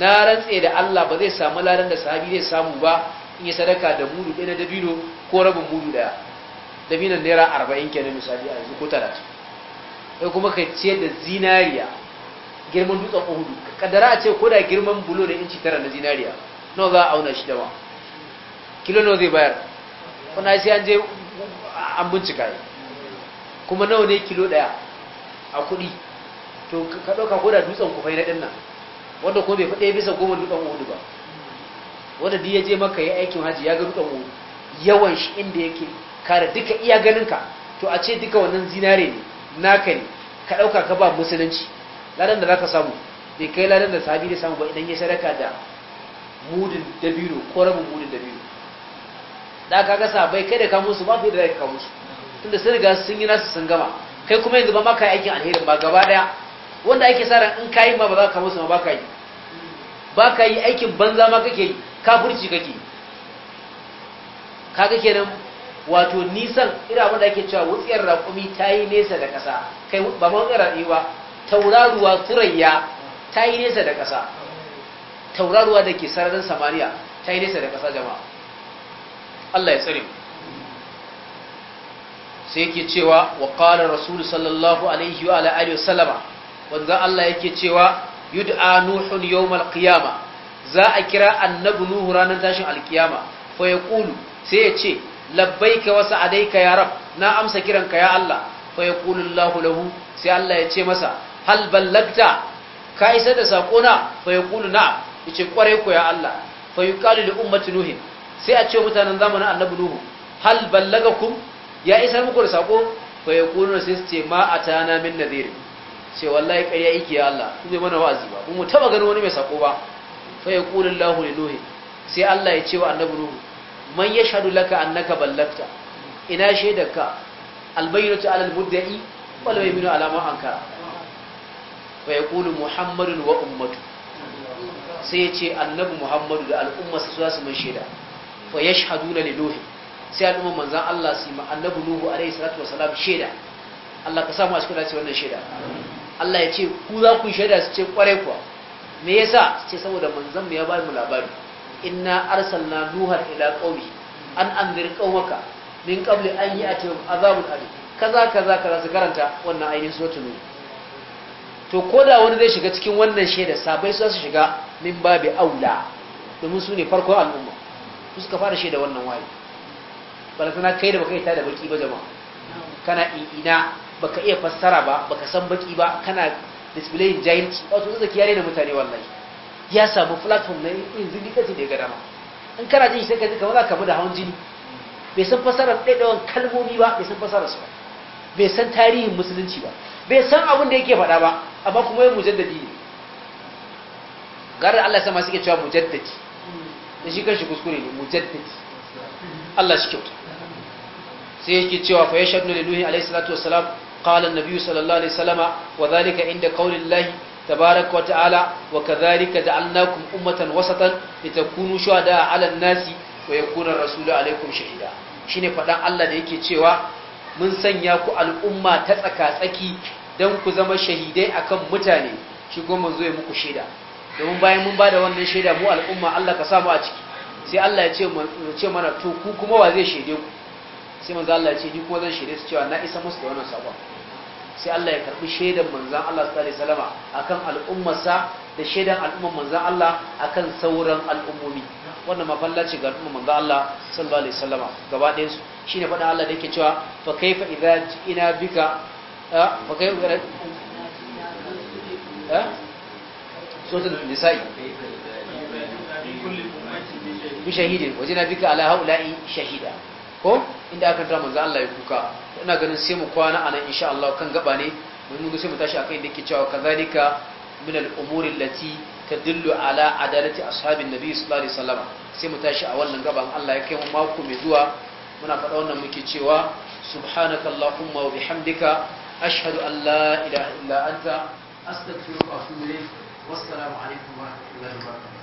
na rantse da Allah ba zai samu ladan da sahabi zai samu ba in yi sadaka da mudu ɗaya na dabino ko rabin mudu ɗaya dabinan naira arba'in kenan misali a yanzu ko talatin sai kuma ka ce da zinariya girman dutsen uhud kadara a ce ko da girman bulo da inci tara na zinariya nawa za a auna shi da dawa kilo nawa zai bayar kuna sai an je an bincika kuma nawa ne kilo ɗaya a kuɗi to ka ɗauka ko da dutsen kufai na ɗin nan wanda ko bai faɗe bisa goma dutsen uhudu ba wanda duk ya je maka ya aikin haji ya ga dutsen uhudu yawan shi inda yake kare duka iya ganin ka to a ce duka wannan zinare ne naka ne ka ɗauka ka ba musulunci ladan da za samu bai kai ladan da sahabi da samu ba idan ya sadaka da mudin dabiru ko rabin mudin da ka ga sahabai kai da ka musu ba fi da ka musu tunda sun riga sun yi nasu sun gama kai kuma yanzu ba maka aikin alherin ba gaba daya wanda ake sa in kayi ma ba za ka musu ma ka yi ba ka yi aikin banza ma kake yi kafirci kake kaga kenan wato nisan ira wanda ake cewa wutsiyar raƙumi ta yi nesa da ƙasa kai ba ma wutsiyar raƙumi ba tauraruwa turayya ta yi nesa da ƙasa tauraruwa da ke sararin samaniya ta yi nesa da ƙasa jama'a Allah ya tsare sai yake cewa wa qala rasul sallallahu alaihi wa alihi wa sallama wanda Allah yake cewa yud'a nuhun yawmal qiyama za a kira annabi nuhu ranar tashin alkiyama fa yaqulu sai ya ce labbaika wa sa'adaika ya rab na amsa kiranka ya Allah fa yaqulu Allahu lahu sai Allah ya ce masa hal ballagta ka isa da sako na fa yaqulu na yace kware ku ya Allah fa yuqalu li ummati nuh sai a ce mutanen zamanin annabi nuhu hal ballagakum ya isar muku da sako fa yaqulu sai su ce ma atana min nadhir sai wallahi ƙarya yake ya Allah zai mana wa'azi ba mu taba gani wani mai sako ba fa ya yaqulu Allahu li nuhi sai Allah ya ce wa annabi nuhu man yashhadu laka annaka ballagta ina shaidarka albayyinatu alal mudda'i wal bayyinu ala man ankara fa yaqulu Muhammadun wa ummatu sai ya ce annabi Muhammadu da al'ummarsa su za su mai shaida fa yashhaduna li nuhi sai al'ummar manzan Allah su yi ma annabi nuhu alaihi salatu wasalam shaida Allah ka samu a cikin dace wannan shaida Allah ya ce ku za ku shaida su ce kwarai kuwa me yasa su ce saboda manzon mu ya ba mu labari inna arsalna nuha ila qaumi an anzir qaumaka min qabli an yati azabun alim kaza kaza kaza su karanta wannan ainihin suratul nur to koda wani zai shiga cikin wannan shaida sabai su su shiga min babi aula domin su ne farkon al'umma su suka fara shaida wannan waye balasana kai da baka yi ta da baki ba jama'a kana ina baka iya fassara ba baka san baki ba kana display jahilci wato zaki yare da mutane wallahi ya samu platform na irin zindi kace da ga dama in kana jin sai ka ji kamar ka da hawan jini bai san fasarar ɗaiɗawan kalmomi ba bai san fassara su ba bai san tarihin musulunci ba bai san abin da yake faɗa ba amma kuma yin mujaddadi ne garin Allah sama suke cewa mujaddadi da shi kanshi kuskure ne mujaddadi Allah shi kyauta sai yake cewa fa yashhadu lillahi alayhi salatu wassalam قال النبي صلى الله عليه وسلم وذلك عند قول الله تبارك وتعالى وكذلك جعلناكم أمة وسطا لتكونوا شهداء على الناس ويكون الرسول عليكم شهيدا shine faɗan Allah da yake cewa mun sanya ku al'umma ta tsaka-tsaki don ku zama shahidai akan mutane shi goma zo muku shaida domin bayan mun ba da wannan shaida mu al'umma Allah ka samu a ciki sai Allah ya ce mana to ku kuma wa zai shaide ku sai manzo Allah ya ce ni kuma zan shirye su cewa na isa musu da wannan sakon sai Allah ya karbi shaidan manzon Allah sallallahu alaihi wasallama akan al'ummarsa da shaidan al'ummar manzon Allah akan sauran al'ummomi wannan mafalla ce ga al'ummar manzon Allah sallallahu alaihi wasallama gaba ɗayan su shine faɗin Allah da yake cewa fa kaifa idza ina bika fa kaifa eh nisa'i bi shahidin bika ala haula'i shahida ko inda aka tara manzo Allah ya kuka ina ganin sai mu kwana anan insha Allah kan gaba ne mun mun sai mu tashi akai da ke cewa kazalika min al-umuri allati tadullu ala adalati ashabi nabi sallallahu alaihi wasallam sai mu tashi a wannan gaban Allah ya kai mu mako mai zuwa muna faɗa wannan muke cewa allahumma wa bihamdika ashhadu an la ilaha illa anta astaghfiruka wa atubu ilayk wassalamu alaikum wa rahmatullahi wa barakatuh